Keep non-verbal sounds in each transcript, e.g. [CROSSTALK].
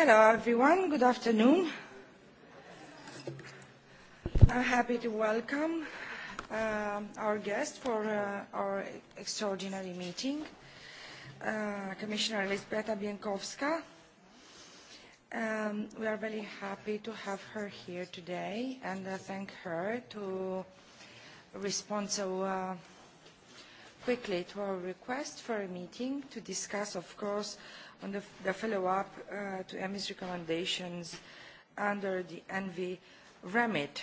Hello, everyone. Good afternoon. I'm happy to welcome uh, our guest for uh, our extraordinary meeting, uh, Commissioner Lisbeta Bienkowska. Um, we are very happy to have her here today and uh, thank her to respond so uh, quickly to our request for a meeting to discuss, of course, on the, the follow-up uh, to EMI's recommendations under the ENVI remit.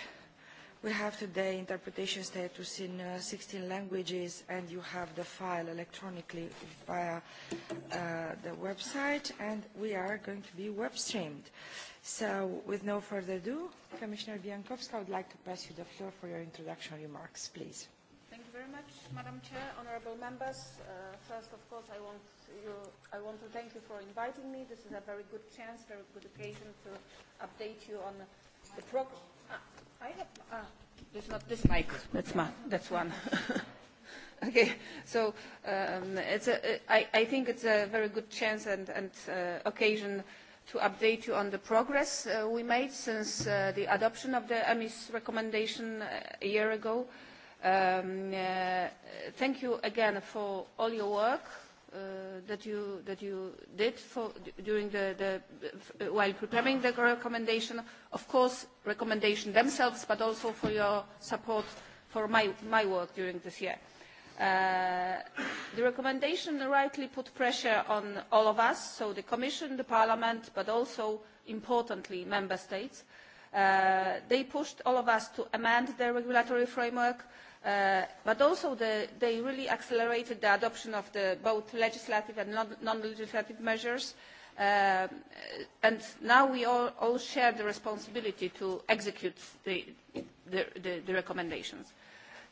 We have today interpretation status in uh, 16 languages, and you have the file electronically via uh, the website, and we are going to be web-streamed. So with no further ado, Commissioner Biankowska, I would like to pass you the floor for your introduction remarks, please. Thank you very much, Madam Chair, honorable members. Uh, first, of course, I want, you, I want to thank you for inviting me. This is a very good chance, very good occasion to update you on the progress. Ah, I have, ah, this not this mic. That's, my, that's one. [LAUGHS] Okay, so um, it's a, uh, I, I think it's a very good chance and, and uh, occasion to update you on the progress uh, we made since uh, the adoption of the EMIS recommendation uh, a year ago. Uh, Um, uh, thank you again for all your work uh, that, you, that you did for, during the, the, uh, while preparing the recommendation. Of course, recommendation themselves, but also for your support for my, my work during this year. Uh, the recommendation rightly put pressure on all of us, so the Commission, the Parliament, but also, importantly, Member States. Uh, they pushed all of us to amend the regulatory framework, Uh, but also they really accelerated the adoption of the, both legislative and non-legislative measures. Uh, and now we all, all share the responsibility to execute the, the, the, the recommendations.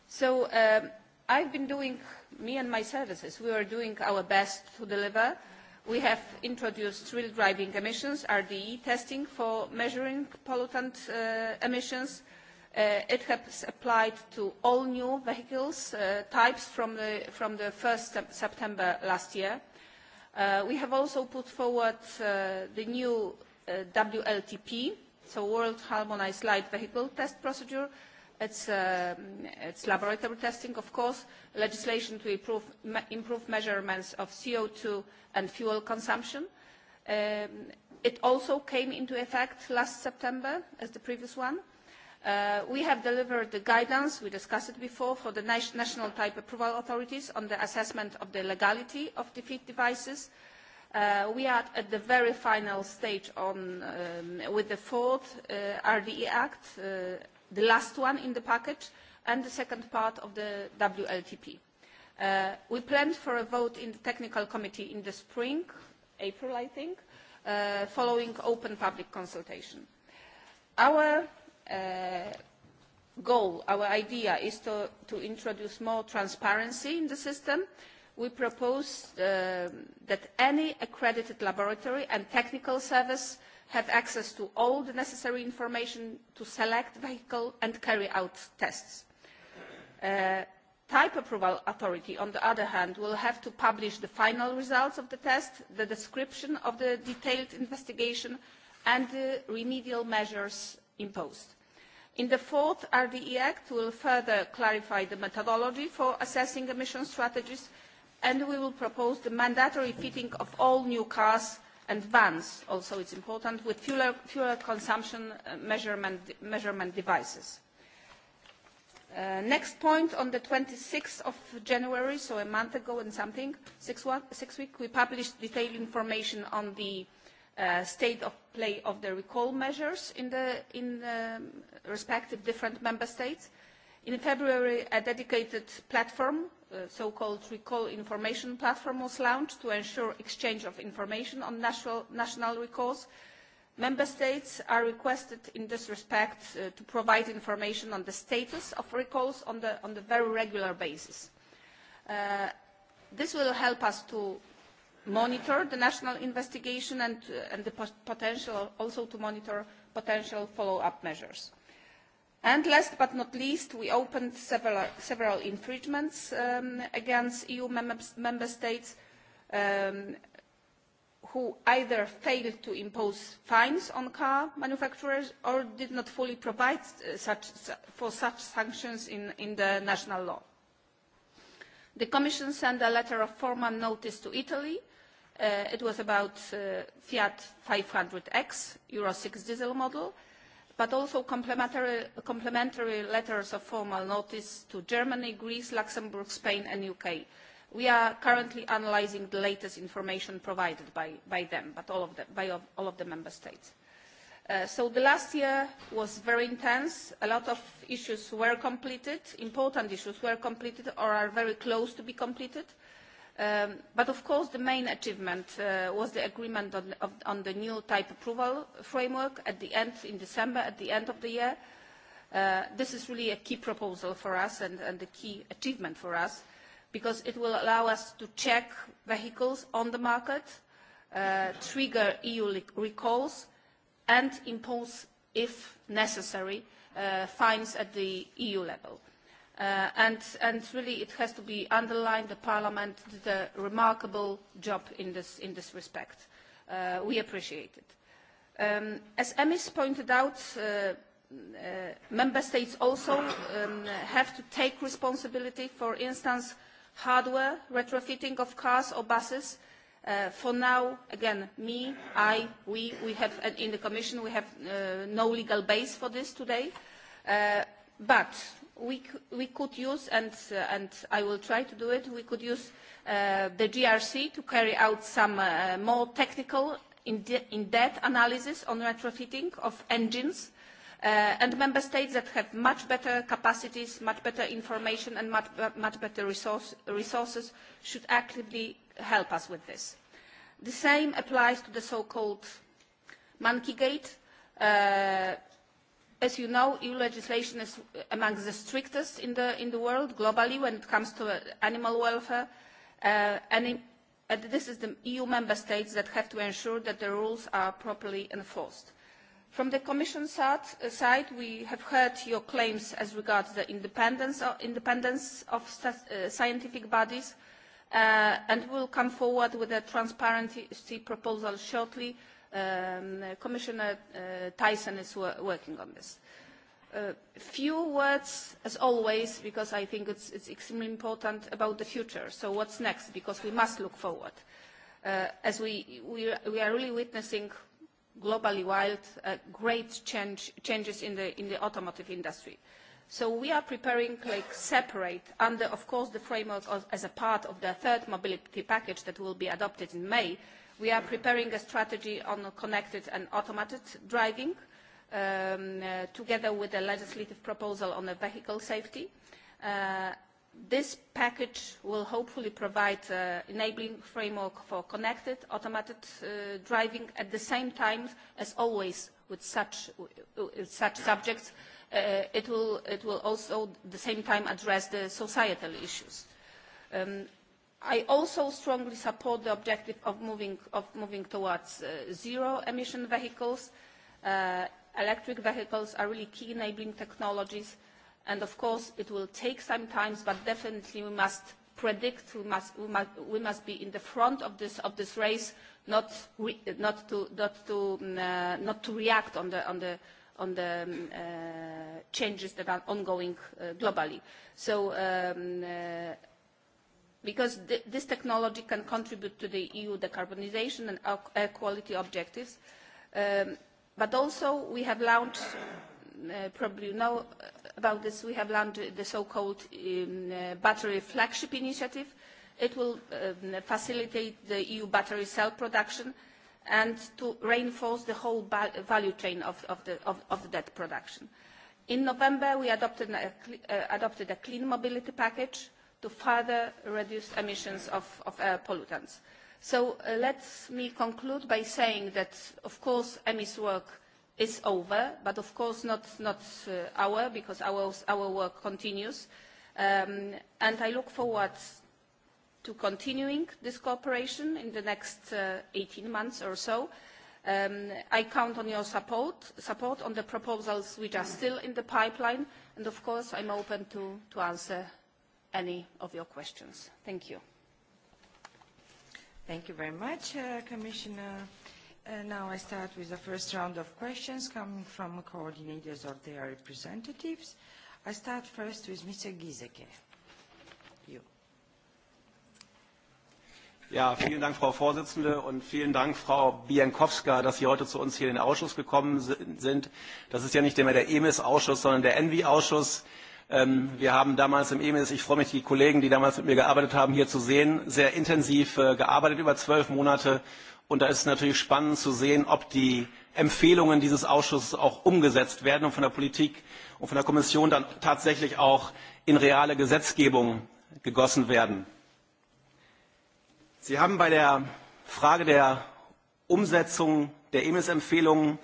So uh, I've been doing, me and my services, we are doing our best to deliver. We have introduced real driving emissions, RDE testing for measuring pollutant uh, emissions, uh, Uh, it has applied to all new vehicles uh, types from the, first September last year. Uh, we have also put forward the new WLTP, so World Harmonised Light Vehicle Test Procedure. Um, it's, laboratory testing, of course, legislation to improve, measurements of CO2 and fuel consumption. Um, it also came into effect last September as the previous one. Uh, we have delivered the guidance, we discussed it before, for the national type approval authorities on the assessment of the legality of defeat devices. Uh, we are at the very final stage on, um, with the fourth uh, RDE Act, uh, the last one in the package, and the second part of the WLTP. Uh, we planned for a vote in the technical committee in the spring, April, I think, uh, following open public consultation. Our uh, goal, our idea is to, to introduce more transparency in the system. We propose uh, that any accredited laboratory and technical service have access to all the necessary information to select vehicle and carry out tests. Uh, type approval authority, on the other hand, will have to publish the final results of the test, the description of the detailed investigation, and the remedial measures imposed In the fourth, RDE Act we will further clarify the methodology for assessing emission strategies and we will propose the mandatory fitting of all new cars and vans, also it's important, with fuel, fuel consumption uh, measurement, measurement devices. Uh, next point, on the 26th of January, so a month ago and something, six, six weeks, we published detailed information on the Uh, state of play of the recall measures in the, in the respective different member states. In February, a dedicated platform, uh, so-called recall information platform, was launched to ensure exchange of information on national, national recalls. Member states are requested in this respect uh, to provide information on the status of recalls on the, on the very regular basis. Uh, this will help us to monitor the national investigation and, uh, and the potential also to monitor potential follow-up measures. And last but not least, we opened several, several infringements um, against EU mem member states um, who either failed to impose fines on car manufacturers or did not fully provide uh, such, for such sanctions in, in the national law. The Commission sent a letter of formal notice to Italy Uh, it was about uh, Fiat 500X, Euro 6 diesel model, but also complementary, complementary letters of formal notice to Germany, Greece, Luxembourg, Spain and UK. We are currently analysing the latest information provided by, by them, but all of the, by all of the member states. Uh, so the last year was very intense. A lot of issues were completed, important issues were completed or are very close to be completed. Uh, Um, but of course the main achievement uh, was the agreement on, of, on the new type approval framework at the end in December, at the end of the year. Uh, this is really a key proposal for us and, and a key achievement for us because it will allow us to check vehicles on the market, uh, trigger EU recalls and impose, if necessary, uh, fines at the EU level. Uh, and, and really it has to be underlined, the Parliament did a remarkable job in this, in this respect. Uh, we appreciate it. Um, as Emis pointed out, uh, Uh, member states also um, have to take responsibility for instance hardware retrofitting of cars or buses uh, for now again me i we we have in the commission we have uh, no legal base for this today uh, but we, we could use, and, uh, and I will try to do it, we could use uh, the GRC to carry out some uh, more technical in-depth in analysis on retrofitting of engines uh, and member states that have much better capacities, much better information and much, uh, much better resource, resources should actively help us with this. The same applies to the so-called monkey gate. Uh, As you know, EU legislation is among the strictest in the, in the world globally when it comes to uh, animal welfare. Uh, and, in, and this is the EU member states that have to ensure that the rules are properly enforced. From the Commission uh, side, we have heard your claims as regards the independence of, independence of uh, scientific bodies, uh, and will come forward with a transparency proposal shortly Um, Commissioner uh, Tyson is wor working on this. Uh, few words, as always, because I think it's, it's extremely important about the future. So what's next? Because we must look forward. Uh, as we, we, we are really witnessing globally wild, uh, great change, changes in the, in the automotive industry. So we are preparing like separate under, of course, the framework of, as a part of the third mobility package that will be adopted in May, We are preparing a strategy on connected and automated driving um, uh, together with a legislative proposal on vehicle safety. Uh, this package will hopefully provide an uh, enabling framework for connected, automated uh, driving at the same time as always with such, with such subjects. Uh, it, will, it will also at the same time address the societal issues. Um, i also strongly support the objective of moving, of moving towards uh, zero emission vehicles. Uh, electric vehicles are really key enabling technologies and of course it will take some time but definitely we must predict, we must, we must, we must be in the front of this, of this race, not, re, not, to, not, to, mm, uh, not to react on the, on the, on the um, uh, changes that are ongoing uh, globally. So um, uh, because th this technology can contribute to the EU decarbonisation and air quality objectives. Um, but also we have launched, uh, probably you know about this, we have launched the so-called um, uh, battery flagship initiative. It will um, facilitate the EU battery cell production and to reinforce the whole value chain of, of, the, of, of that production. In November, we adopted a, uh, adopted a clean mobility package to further reduce emissions of, of air pollutants. So uh, let me conclude by saying that, of course, EMI's work is over, but of course not, not uh, our, because our, our work continues. Um, and I look forward to continuing this cooperation in the next uh, 18 months or so. Um, I count on your support, support on the proposals which are still in the pipeline, and of course I'm open to, to answer any of your questions. Thank you. Thank you very much, uh, Commissioner. Uh, now I start with the first round of questions coming from coordinators of their representatives. I start first with Mr. Giesecke. You. Ja, vielen Dank, Frau Vorsitzende, und vielen Dank, Frau Bienkowska, dass Sie heute zu uns hier in den Ausschuss gekommen sind. Das ist ja nicht immer der EMIS-Ausschuss, sondern der ENVI-Ausschuss. ausschuss Ähm, wir haben damals im EMIS, ich freue mich, die Kollegen, die damals mit mir gearbeitet haben, hier zu sehen, sehr intensiv äh, gearbeitet über zwölf Monate. Und da ist es natürlich spannend zu sehen, ob die Empfehlungen dieses Ausschusses auch umgesetzt werden und von der Politik und von der Kommission dann tatsächlich auch in reale Gesetzgebung gegossen werden. Sie haben bei der Frage der Umsetzung der EMIS-Empfehlungen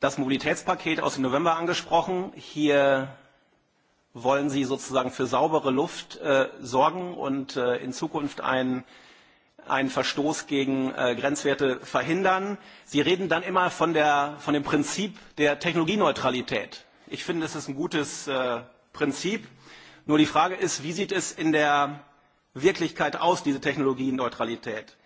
das Mobilitätspaket aus dem November angesprochen. Hier wollen Sie sozusagen für saubere Luft äh, sorgen und äh, in Zukunft einen, einen Verstoß gegen äh, Grenzwerte verhindern. Sie reden dann immer von, der, von dem Prinzip der Technologieneutralität. Ich finde, das ist ein gutes äh, Prinzip. Nur die Frage ist, wie sieht es in der Wirklichkeit aus, diese Technologieneutralität?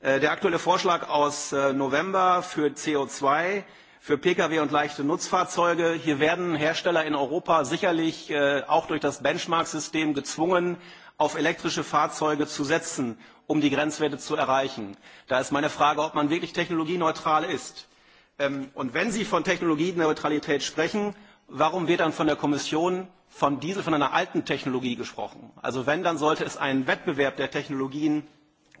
Äh, der aktuelle Vorschlag aus äh, November für CO2 für Pkw und leichte Nutzfahrzeuge. Hier werden Hersteller in Europa sicherlich äh, auch durch das Benchmark-System gezwungen, auf elektrische Fahrzeuge zu setzen, um die Grenzwerte zu erreichen. Da ist meine Frage, ob man wirklich technologieneutral ist. Ähm, und wenn Sie von Technologieneutralität sprechen, warum wird dann von der Kommission von Diesel, von einer alten Technologie gesprochen? Also wenn, dann sollte es einen Wettbewerb der Technologien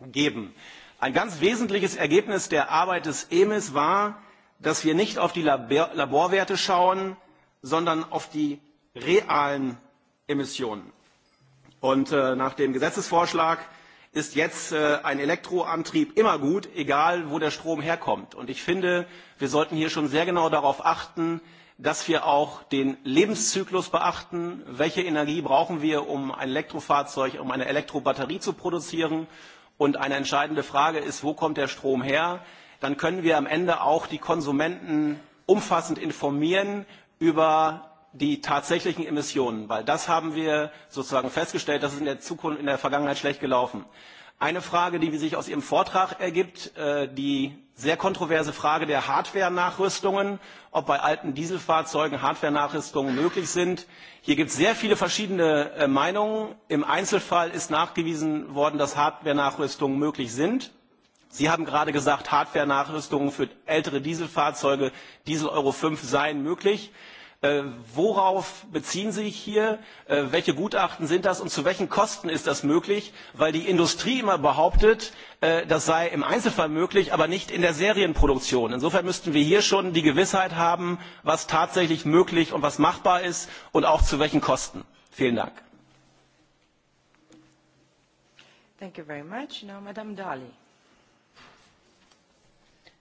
geben. Ein ganz wesentliches Ergebnis der Arbeit des EMIS war, dass wir nicht auf die Laborwerte schauen, sondern auf die realen Emissionen. Und äh, nach dem Gesetzesvorschlag ist jetzt äh, ein Elektroantrieb immer gut, egal wo der Strom herkommt. Und ich finde, wir sollten hier schon sehr genau darauf achten, dass wir auch den Lebenszyklus beachten. Welche Energie brauchen wir, um ein Elektrofahrzeug, um eine Elektrobatterie zu produzieren? Und eine entscheidende Frage ist, wo kommt der Strom her? dann können wir am Ende auch die Konsumenten umfassend informieren über die tatsächlichen Emissionen, weil das haben wir sozusagen festgestellt, das ist in der Zukunft, in der Vergangenheit schlecht gelaufen. Eine Frage, die sich aus Ihrem Vortrag ergibt, äh, die sehr kontroverse Frage der Hardware-Nachrüstungen, ob bei alten Dieselfahrzeugen Hardware-Nachrüstungen möglich sind. Hier gibt es sehr viele verschiedene äh, Meinungen. Im Einzelfall ist nachgewiesen worden, dass Hardware-Nachrüstungen möglich sind. Sie haben gerade gesagt, Hardware-Nachrüstungen für ältere Dieselfahrzeuge, Diesel Euro 5 seien möglich. Äh, worauf beziehen Sie sich hier? Äh, welche Gutachten sind das und zu welchen Kosten ist das möglich? Weil die Industrie immer behauptet, äh, das sei im Einzelfall möglich, aber nicht in der Serienproduktion. Insofern müssten wir hier schon die Gewissheit haben, was tatsächlich möglich und was machbar ist und auch zu welchen Kosten. Vielen Dank. Thank you very much. Now, Madame Dali.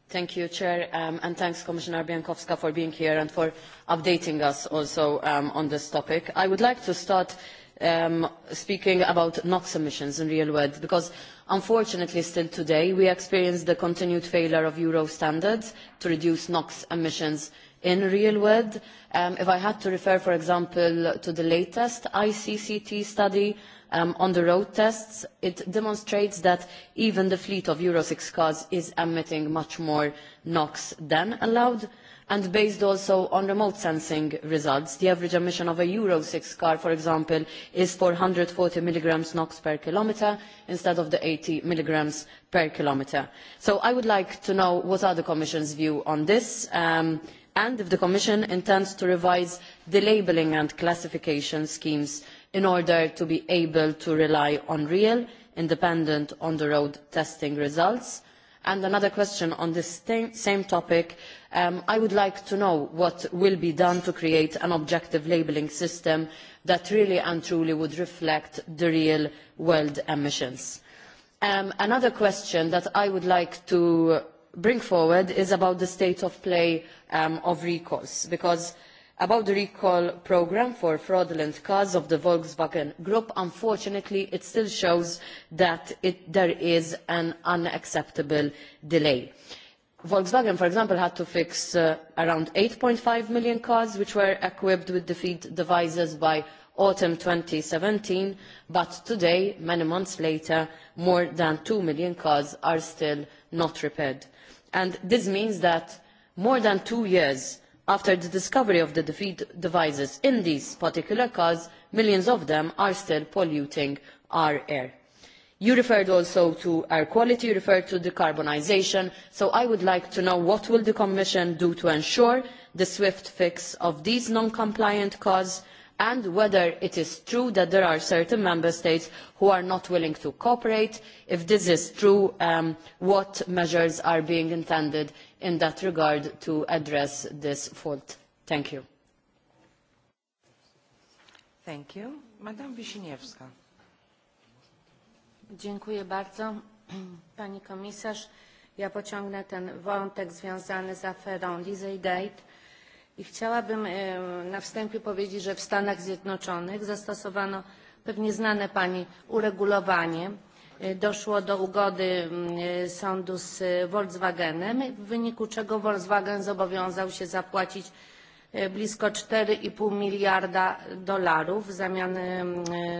Thank you, Chair, um, and thanks, Commissioner Biankowska, for being here and for updating us also um, on this topic. I would like to start um, speaking about NOx emissions in real world, because unfortunately still today we experience the continued failure of Euro standards to reduce NOx emissions in the real world. Um, if I had to refer, for example, to the latest ICCT study um, on the road tests, it demonstrates that even the fleet of Euro six cars is emitting much more NOx than allowed. And based also on remote sensing results, the average emission of a Euro six car, for example, is four hundred and forty milligrams NOx per kilometre instead of the eighty milligrams per kilometre. So I would like to know what are the Commission's view on this. Um, and if the Commission intends to revise the labelling and classification schemes in order to be able to rely on real, independent on-the-road testing results. And another question on this same topic, um, I would like to know what will be done to create an objective labelling system that really and truly would reflect the real world emissions. Um, another question that I would like to bring forward is about the state of play um, of recalls, because about the recall programme for fraudulent cars of the Volkswagen Group, unfortunately, it still shows that it, there is an unacceptable delay. Volkswagen, for example, had to fix uh, around eight five million cars which were equipped with defeat devices by autumn seventeen, but today, many months later, more than two million cars are still not repaired. And this means that more than two years after the discovery of the devices in these particular cars, millions of them are still polluting our air. You referred also to air quality, you referred to decarbonisation, so I would like to know what will the Commission do to ensure the swift fix of these non-compliant cars, and whether it is true that there are certain member states who are not willing to cooperate. if this is true um, what measures are being intended in that regard to address this fault? thank you. Thank you. [CLEARS THROAT] pani komisarz! ja pociągnę ten wątek związany z aferą dieselgate i chciałabym e, na wstępie powiedzieć, że w Stanach Zjednoczonych zastosowano pewnie znane Pani uregulowanie. E, doszło do ugody mm, e, sądu z Volkswagenem, w wyniku czego Volkswagen zobowiązał się zapłacić blisko 4,5 miliarda dolarów w zamian mm,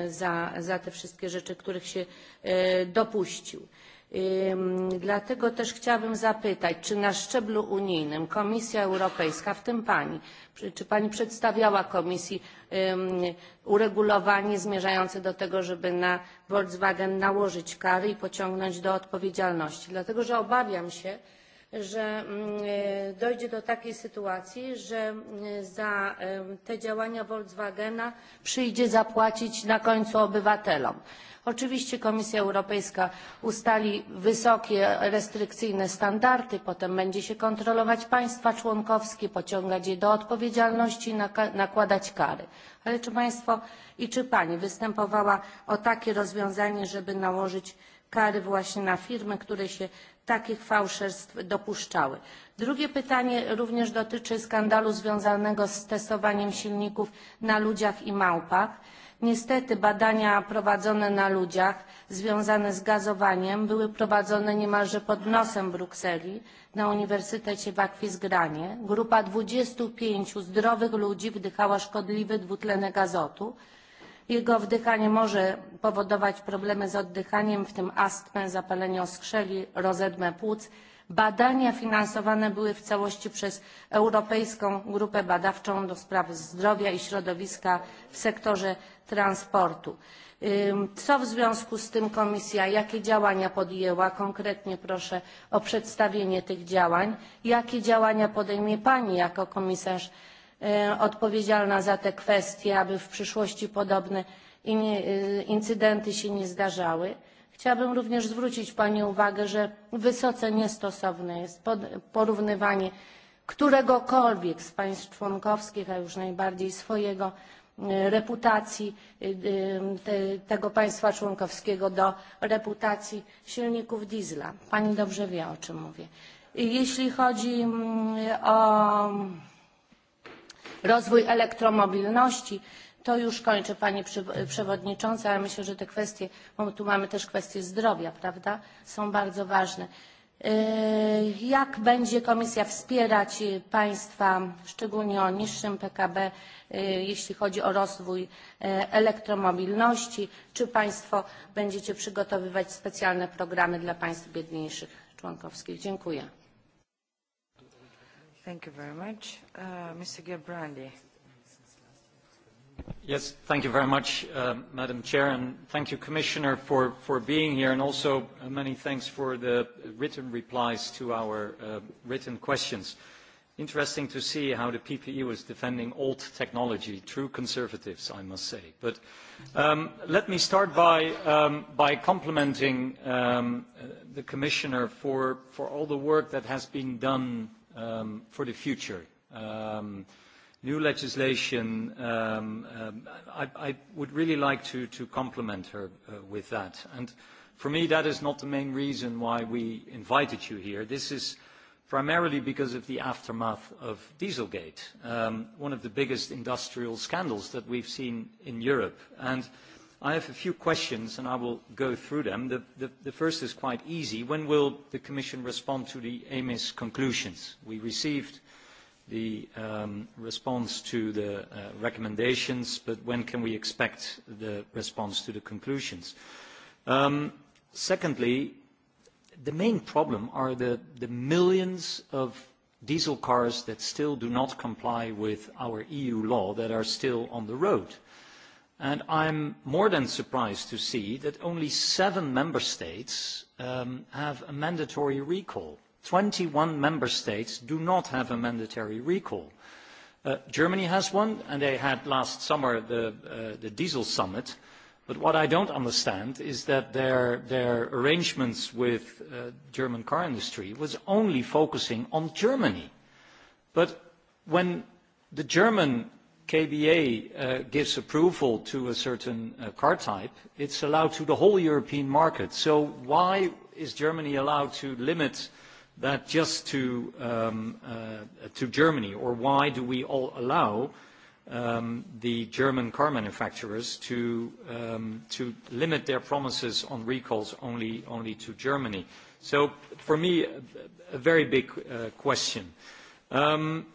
za, za te wszystkie rzeczy, których się dopuścił. Dlatego też chciałabym zapytać, czy na szczeblu unijnym Komisja Europejska, w tym Pani, czy Pani przedstawiała Komisji uregulowanie zmierzające do tego, żeby na Volkswagen nałożyć kary i pociągnąć do odpowiedzialności? Dlatego, że obawiam się, że e, dojdzie do takiej sytuacji, że e, za e, te działania Volkswagena przyjdzie zapłacić na końcu obywatelom. Oczywiście Komisja Europejska ustali wysokie, restrykcyjne standardy, potem będzie się kontrolować państwa członkowskie, pociągać je do odpowiedzialności i nakładać kary. Ale czy państwo i czy pani występowała o takie rozwiązanie, żeby nałożyć kary właśnie na firmy, które się takich fałszerstw dopuszczały. Drugie pytanie również dotyczy skandalu związanego z testowaniem silników na ludziach i małpach. Niestety badania prowadzone na ludziach związane z gazowaniem były prowadzone niemalże pod nosem Brukseli na Uniwersytecie w Akwizgranie. Grupa 25 zdrowych ludzi wdychała szkodliwy dwutlenek azotu. Jego wdychanie może powodować problemy z oddychaniem, w tym astmę, zapalenie oskrzeli, rozedmę płuc. Badania finansowane były w całości przez Europejską Grupę Badawczą do Spraw Zdrowia i Środowiska w sektorze transportu. Co w związku z tym Komisja, jakie działania podjęła? Konkretnie proszę o przedstawienie tych działań. Jakie działania podejmie Pani jako komisarz odpowiedzialna za te kwestie, aby w przyszłości podobne incydenty się nie zdarzały? Chciałabym również zwrócić Pani uwagę, że wysoce niestosowne jest porównywanie któregokolwiek z państw członkowskich, a już najbardziej swojego E, reputacji e, e, te, tego państwa członkowskiego do reputacji silników diesla. Pani dobrze wie, o czym mówię. Jeśli chodzi mm, o rozwój elektromobilności, to już kończę Pani Przewodnicząca, ale myślę, że te kwestie, bo tu mamy też kwestie zdrowia, prawda, są bardzo ważne. E, jak będzie Komisja wspierać państwa, szczególnie o niższym PKB, e, jeśli chodzi o rozwój e, elektromobilności? Czy państwo będziecie przygotowywać specjalne programy dla państw biedniejszych członkowskich? Dziękuję. Thank you very much. Uh, Mr. Gebrandi thank you very much, uh, Madam Chair, and thank you, Commissioner, for, for being here, and also uh, many thanks for the written replies to our uh, written questions. Interesting to see how the PPE was defending old technology, true conservatives, I must say. But um, let me start by, um, by complimenting um, the Commissioner for, for all the work that has been done um, for the future. Um, new legislation, um, um, I, I would really like to, to compliment her uh, with that. And for me, that is not the main reason why we invited you here. This is primarily because of the aftermath of Dieselgate, um, one of the biggest industrial scandals that we've seen in Europe. And I have a few questions, and I will go through them. The, the, the first is quite easy. When will the Commission respond to the AMIS conclusions? We received the um, response to the uh, recommendations, but when can we expect the response to the conclusions? Um, secondly, the main problem are the, the millions of diesel cars that still do not comply with our EU law that are still on the road. And I'm more than surprised to see that only seven member states um, have a mandatory recall twenty one member states do not have a mandatory recall. Uh, Germany has one, and they had last summer the, uh, the diesel summit. But what I don't understand is that their, their arrangements with uh, German car industry was only focusing on Germany. But when the German KBA uh, gives approval to a certain uh, car type, it's allowed to the whole European market. So why is Germany allowed to limit that just to, um, uh, to Germany, or why do we all allow um, the German car manufacturers to, um, to limit their promises on recalls only, only to Germany? So for me, a, a very big uh, question. Um,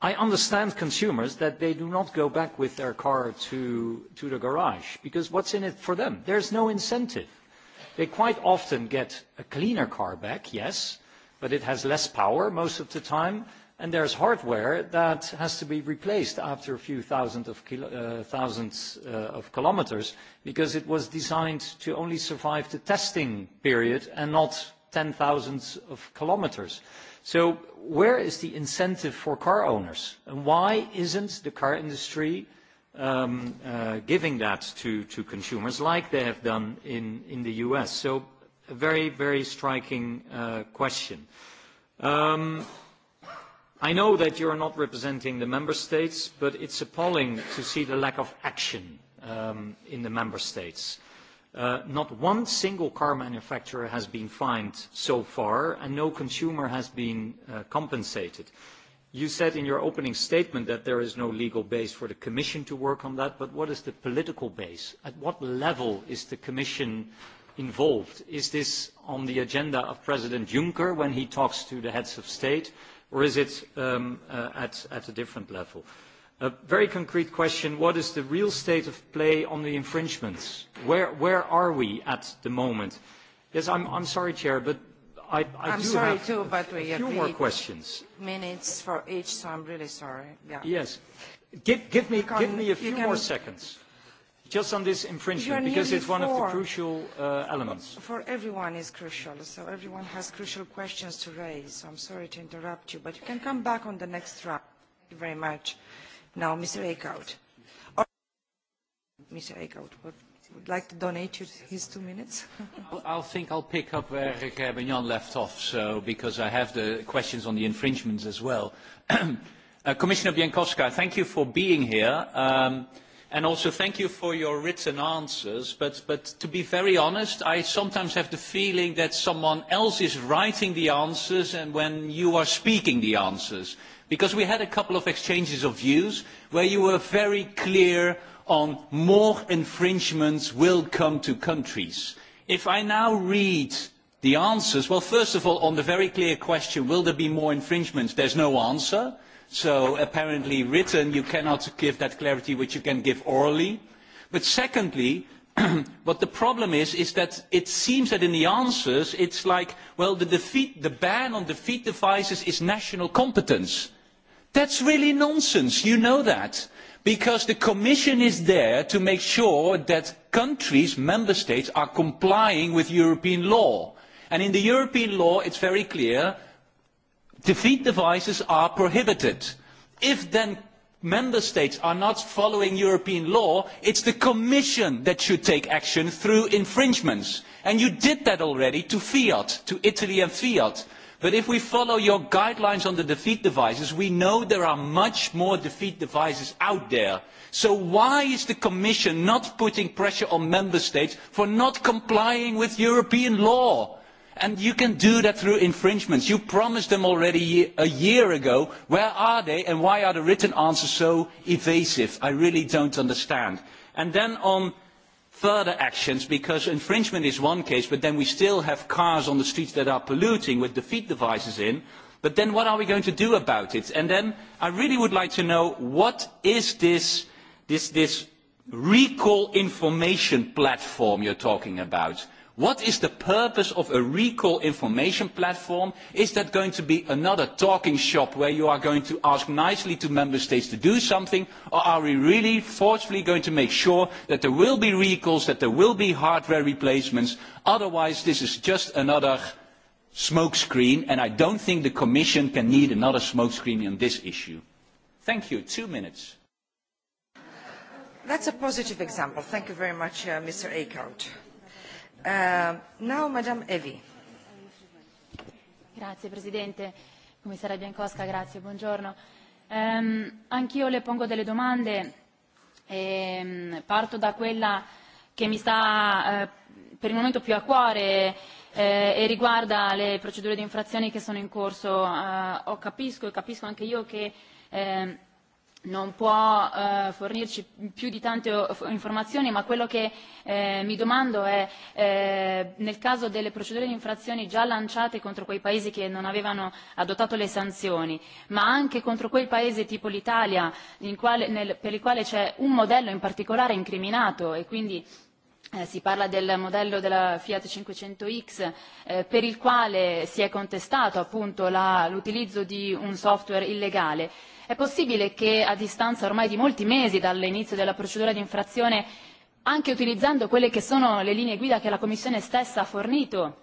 I understand consumers that they do not go back with their car to, to the garage because what's in it for them? There's no incentive They quite often get a cleaner car back, yes, but it has less power most of the time, and there's hardware that has to be replaced after a few thousand of kilo, uh, thousands uh, of kilometers because it was designed to only survive the testing period and not ten thousands of kilometers. So where is the incentive for car owners? And why isn't the car industry um, uh, giving that to, to consumers like they have done in, in the US. So a very, very striking uh, question. Um, I know that you are not representing the member states, but it's appalling to see the lack of action um, in the member states. Uh, not one single car manufacturer has been fined so far, and no consumer has been uh, compensated. You said in your opening statement that there is no legal base for the Commission to work on that, but what is the political base? At what level is the Commission involved? Is this on the agenda of President Juncker when he talks to the heads of state, or is it um, uh, at, at a different level? A very concrete question, what is the real state of play on the infringements? Where, where are we at the moment? Yes, I'm, I'm sorry, Chair, but i, I I'm sorry too, but we a few more questions. Minutes for each, so I'm really sorry. Yeah. Yes. Give, give, me, give me a few can, more seconds. Just on this infringement, because it's one of the crucial uh, elements. For everyone is crucial, so everyone has crucial questions to raise. So I'm sorry to interrupt you, but you can come back on the next round. Thank you very much. Now, Mr. Eickhout. Oh, Mr. Eickhout, what would like to donate you his two minutes. [LAUGHS] I think I'll pick up where Gerben Jan left off, so because I have the questions on the infringements as well. [CLEARS THROAT] uh, Commissioner Biankowska, thank you for being here, um, and also thank you for your written answers. But, but to be very honest, I sometimes have the feeling that someone else is writing the answers and when you are speaking the answers Because we had a couple of exchanges of views where you were very clear on more infringements will come to countries. If I now read the answers, well, first of all, on the very clear question, will there be more infringements, there is no answer. So apparently written, you cannot give that clarity which you can give orally. But secondly, [CLEARS THROAT] what the problem is, is that it seems that in the answers, it is like, well, the, defeat, the ban on defeat devices is national competence that is really nonsense you know that because the commission is there to make sure that countries member states are complying with european law and in the european law it is very clear defeat devices are prohibited. if then member states are not following european law it is the commission that should take action through infringements and you did that already to fiat to italy and fiat. But if we follow your guidelines on the defeat devices, we know there are much more defeat devices out there. So why is the Commission not putting pressure on Member States for not complying with European law? And you can do that through infringements. You promised them already a year ago. Where are they and why are the written answers so evasive? I really don't understand. And then on further actions because infringement is one case, but then we still have cars on the streets that are polluting with defeat devices in. But then what are we going to do about it? And then I really would like to know what is this, this, this recall information platform you're talking about? What is the purpose of a recall information platform? Is that going to be another talking shop where you are going to ask nicely to member states to do something? Or are we really forcefully going to make sure that there will be recalls, that there will be hardware replacements? Otherwise, this is just another smokescreen, and I don't think the Commission can need another smokescreen on this issue. Thank you. Two minutes. That's a positive example. Thank you very much, uh, Mr. Ackhout. Uh, grazie Presidente, Commissaria Biancosca, grazie, buongiorno. Um, anch'io le pongo delle domande e um, parto da quella che mi sta uh, per il momento più a cuore eh, e riguarda le procedure di infrazione che sono in corso. Uh, eh, capisco e capisco anche io che eh, non può eh, fornirci più di tante informazioni, ma quello che eh, mi domando è eh, nel caso delle procedure di infrazione già lanciate contro quei paesi che non avevano adottato le sanzioni, ma anche contro quei paesi tipo l'Italia per il quale c'è un modello in particolare incriminato e quindi Eh, si parla del modello della Fiat 500X eh, per il quale si è contestato appunto l'utilizzo di un software illegale. È possibile che a distanza ormai di molti mesi dall'inizio della procedura di infrazione, anche utilizzando quelle che sono le linee guida che la Commissione stessa ha fornito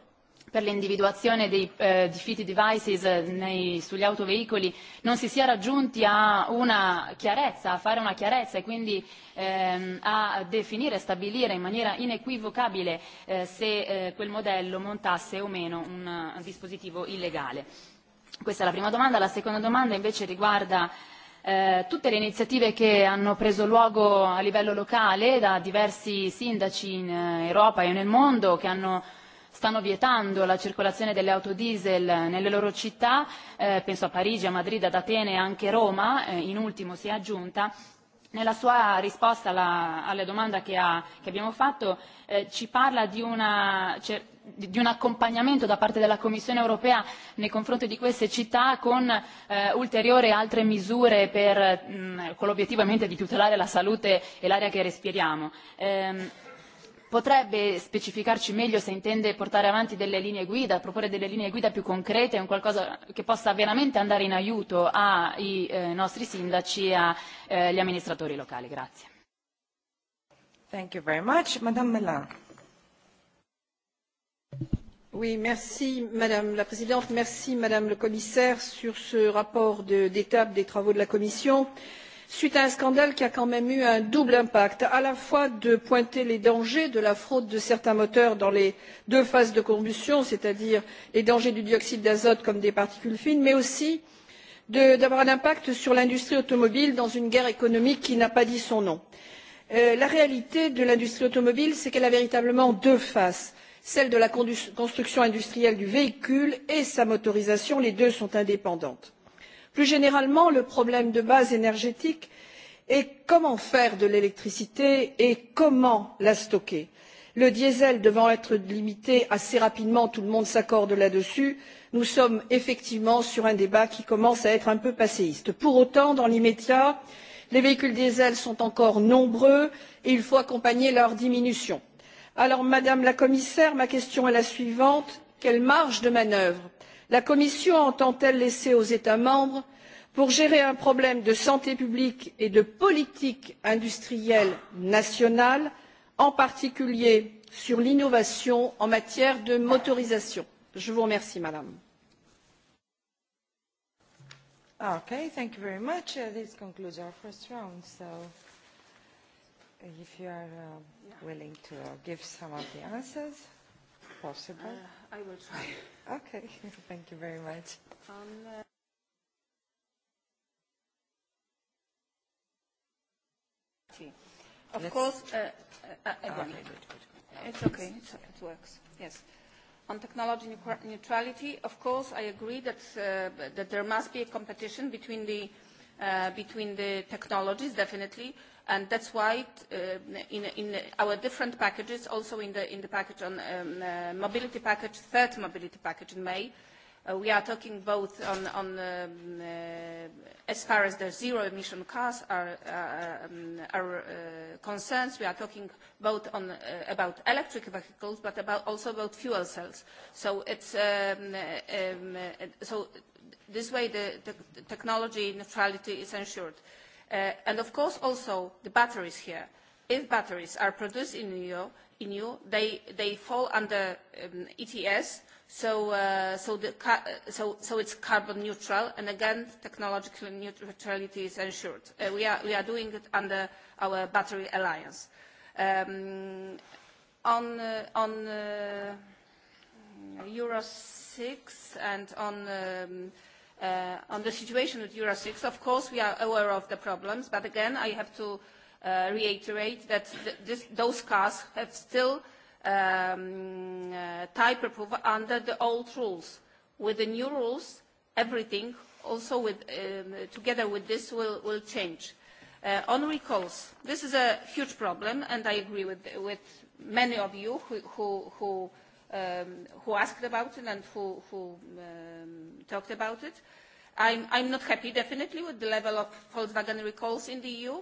per l'individuazione dei eh, defeat devices eh, nei, sugli autoveicoli non si sia raggiunti a una chiarezza, a fare una chiarezza e quindi ehm, a definire e stabilire in maniera inequivocabile eh, se eh, quel modello montasse o meno un, un eh, dispositivo illegale Questa è la prima domanda. La seconda domanda invece riguarda eh, tutte le iniziative che hanno preso luogo a livello locale da diversi sindaci in eh, Europa e nel mondo che hanno stanno vietando la circolazione delle auto diesel nelle loro città, eh, penso a Parigi, a Madrid, ad Atene e anche Roma, eh, in ultimo si è aggiunta, nella sua risposta alla, alla domanda che, ha, che abbiamo fatto eh, ci parla di una, di un accompagnamento da parte della Commissione europea nei confronti di queste città con eh, ulteriori altre misure per, mh, mm, con l'obiettivo ovviamente di tutelare la salute e l'aria che respiriamo. Ehm, potrebbe specificarci meglio se intende portare avanti delle linee guida, proporre delle linee guida più concrete, un qualcosa che possa veramente andare in aiuto ai eh, nostri sindaci e agli eh, amministratori locali. Grazie. Thank you very much. Madame Melan merci, madame la présidente merci madame la commissaire pour ce rapport d'étape des travaux de la commission suite à un scandale qui a quand même eu un double impact à la fois de pointer les dangers de la fraude de certains moteurs dans les deux phases de combustion c'est à dire les dangers du dioxyde d'azote comme des particules fines mais aussi d'avoir un impact sur l'industrie automobile dans une guerre économique qui n'a pas dit son nom. Euh, la réalité de l'industrie automobile c'est qu'elle a véritablement deux faces celle de la construction industrielle du véhicule et sa motorisation les deux sont indépendantes. plus généralement le problème de base énergétique est comment faire de l'électricité et comment la stocker? le diesel devant être limité assez rapidement tout le monde s'accorde là dessus nous sommes effectivement sur un débat qui commence à être un peu passéiste. pour autant dans l'immédiat les véhicules diesel sont encore nombreux et il faut accompagner leur diminution alors madame la commissaire ma question est la suivante quelle marge de manœuvre la commission entend elle laisser aux états membres pour gérer un problème de santé publique et de politique industrielle nationale en particulier sur l'innovation en matière de motorisation? je vous remercie madame. Okay, thank you very much. Uh, this concludes our first round. So if you are uh, yeah. willing to uh, give some of the answers, possible. Uh, I will try. [LAUGHS] Okay, [LAUGHS] thank you very much. Um, uh, of Let's course, uh, uh, uh Okay, good, good. It's okay, it's, it works, yes. On technology neutrality, of course, I agree that, uh, that there must be a competition between the uh, between the technologies, definitely, and that's why uh, in, in our different packages, also in the, in the package on um, uh, mobility package, third mobility package in May, Uh, we are talking both on, on um, uh, as far as the zero emission cars are, uh, um, are uh, we are talking both on, uh, about electric vehicles, but about also about fuel cells. So it's um, uh, um, uh, so this way the, the technology neutrality is ensured. Uh, and of course also the batteries here. If batteries are produced in Europe, in EU, they, they fall under um, ETS, so, uh, so, the ca uh, so, so it's carbon neutral, and again, technological neutrality is ensured. Uh, we, are, we are doing it under our battery alliance. Um, on uh, on uh, Euro 6 and on um, uh, on the situation with Euro 6, of course, we are aware of the problems, but again, I have to uh, reiterate that this, those cars have still um, uh, type approval under the old rules. With the new rules, everything also with, um, together with this will, will change. Uh, on recalls, this is a huge problem, and I agree with, with many of you who, who, who, um, who asked about it and who, who um, talked about it. I'm, I'm not happy, definitely, with the level of Volkswagen recalls in the EU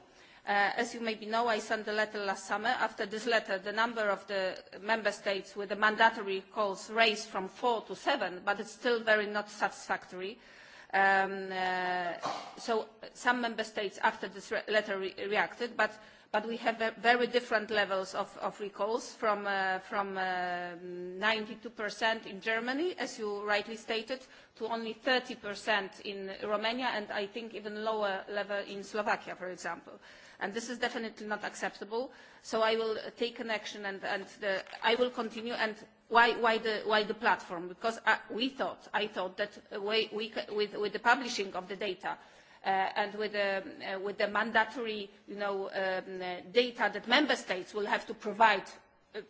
Uh, as you maybe know, I sent a letter last summer. After this letter, the number of the member states with the mandatory calls raised from four to seven, but it's still very not satisfactory. Um, uh, so some member states after this re letter re reacted, but, but we have very different levels of, of recalls from, uh, from uh, in Germany, as you rightly stated, to only 30% in Romania, and I think even lower level in Slovakia, for example. Uh, and this is definitely not acceptable. So I will uh, take an action and, and the, I will continue. And why, why, the, why the platform? Because I, uh, we thought, I thought that we, we, with, with the publishing of the data, uh, and with the, uh, with the mandatory you know, um, uh, data that member states will have to provide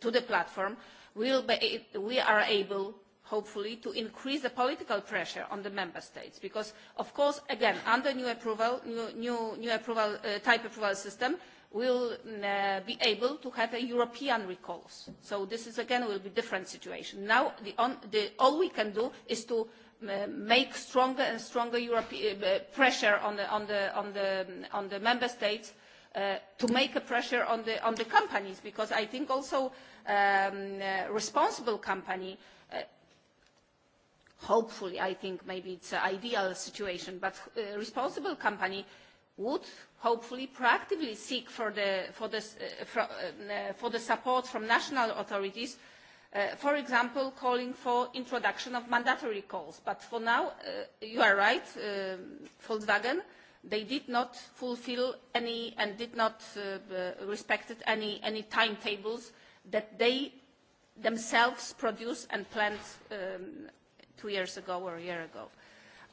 to the platform, we'll be, we are able hopefully to increase the political pressure on the member states because of course again under new approval new, new, new approval uh, type approval system will mm, uh, be able to have a european recourse so this is again will be a different situation now the, on, the, all we can do is to mm, uh, make stronger and stronger Europe, uh, uh, pressure on the, on, the, on, the, mm, on the member states Uh, to make a pressure on the, on the companies because I think also um, uh, responsible company hopefully, I think maybe it's an ideal situation, but a uh, responsible company would hopefully proactively seek for the, for the, uh, for, uh, uh, for the support from national authorities, uh, for example, calling for introduction of mandatory calls. But for now, you are right, Volkswagen, they did not fulfil any and did not respect any, any timetables that they themselves produced and plant. um, two years ago or a year ago.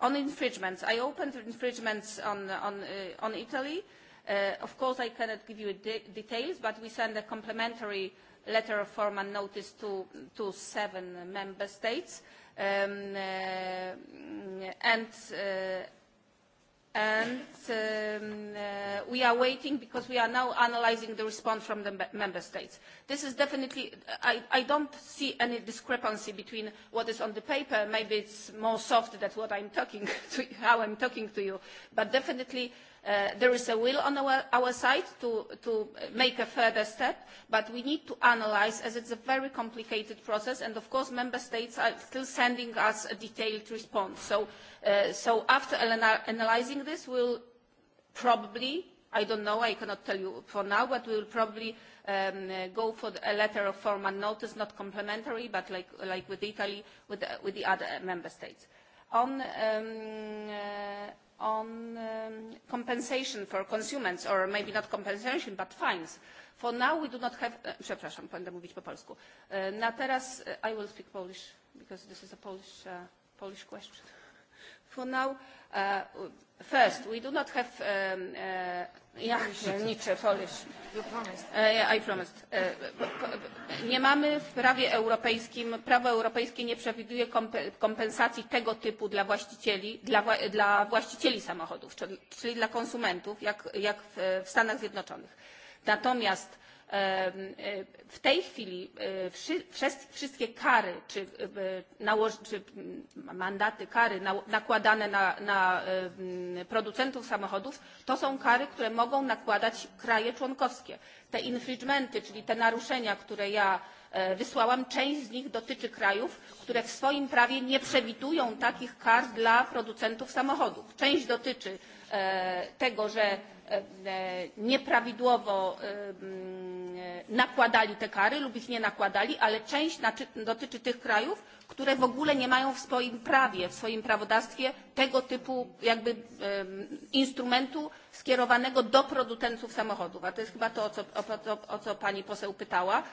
On infringements, I opened infringements on, on, uh, on Italy. Uh, of course, I cannot give you de details, but we sent a complementary letter of formal notice to, to seven member states. Um, uh, and, uh, and um, uh, we are waiting because we are now analyzing the response from the member states. This is definitely, I, I don't see any discrepancy between what is on the paper, maybe it's more soft than what I'm talking [LAUGHS] to, how I'm talking to you, but definitely Uh, there is a will on our, side to, to make a further step, but we need to analyse, as it is a very complicated process, and of course member states are still sending us a detailed response. So, uh, after analysing this, we will probably, I don't know, I cannot tell you for now, but we will probably um, uh, go for a letter of formal notice, not complementary, but like, like with Italy, with, the other member states. On um, on um, compensation for consumers, or maybe not compensation, but fines. For now, we do not have... Uh, przepraszam, będę mówić po polsku. E, na teraz... E, I will speak Polish, because this is a Polish, uh, Polish question for now. Uh, first, we do not have... Um, uh, ja Nietzsche, Polish. You promised. Uh, I promised. Uh, nie mamy w prawie europejskim, prawo europejskie nie przewiduje kompensacji tego typu dla właścicieli, dla, dla właścicieli samochodów, czyli, czyli dla konsumentów, jak, jak w, w Stanach Zjednoczonych. Natomiast E, w tej chwili e, wszystkie kary czy, e, czy mandaty kary nakładane na, na producentów samochodów to są kary, które mogą nakładać kraje członkowskie. Te infringementy, czyli te naruszenia, które ja wysłałam, część z nich dotyczy krajów, które w swoim prawie nie przewidują takich kar dla producentów samochodów. Część dotyczy tego, że nieprawidłowo E, nakładali te kary lub ich nie nakładali, ale część dotyczy tych krajów, które w ogóle nie mają w swoim prawie, w swoim prawodawstwie tego typu jakby instrumentu skierowanego do producentów samochodów. A to jest chyba to, o co, o, o co pani poseł pytała.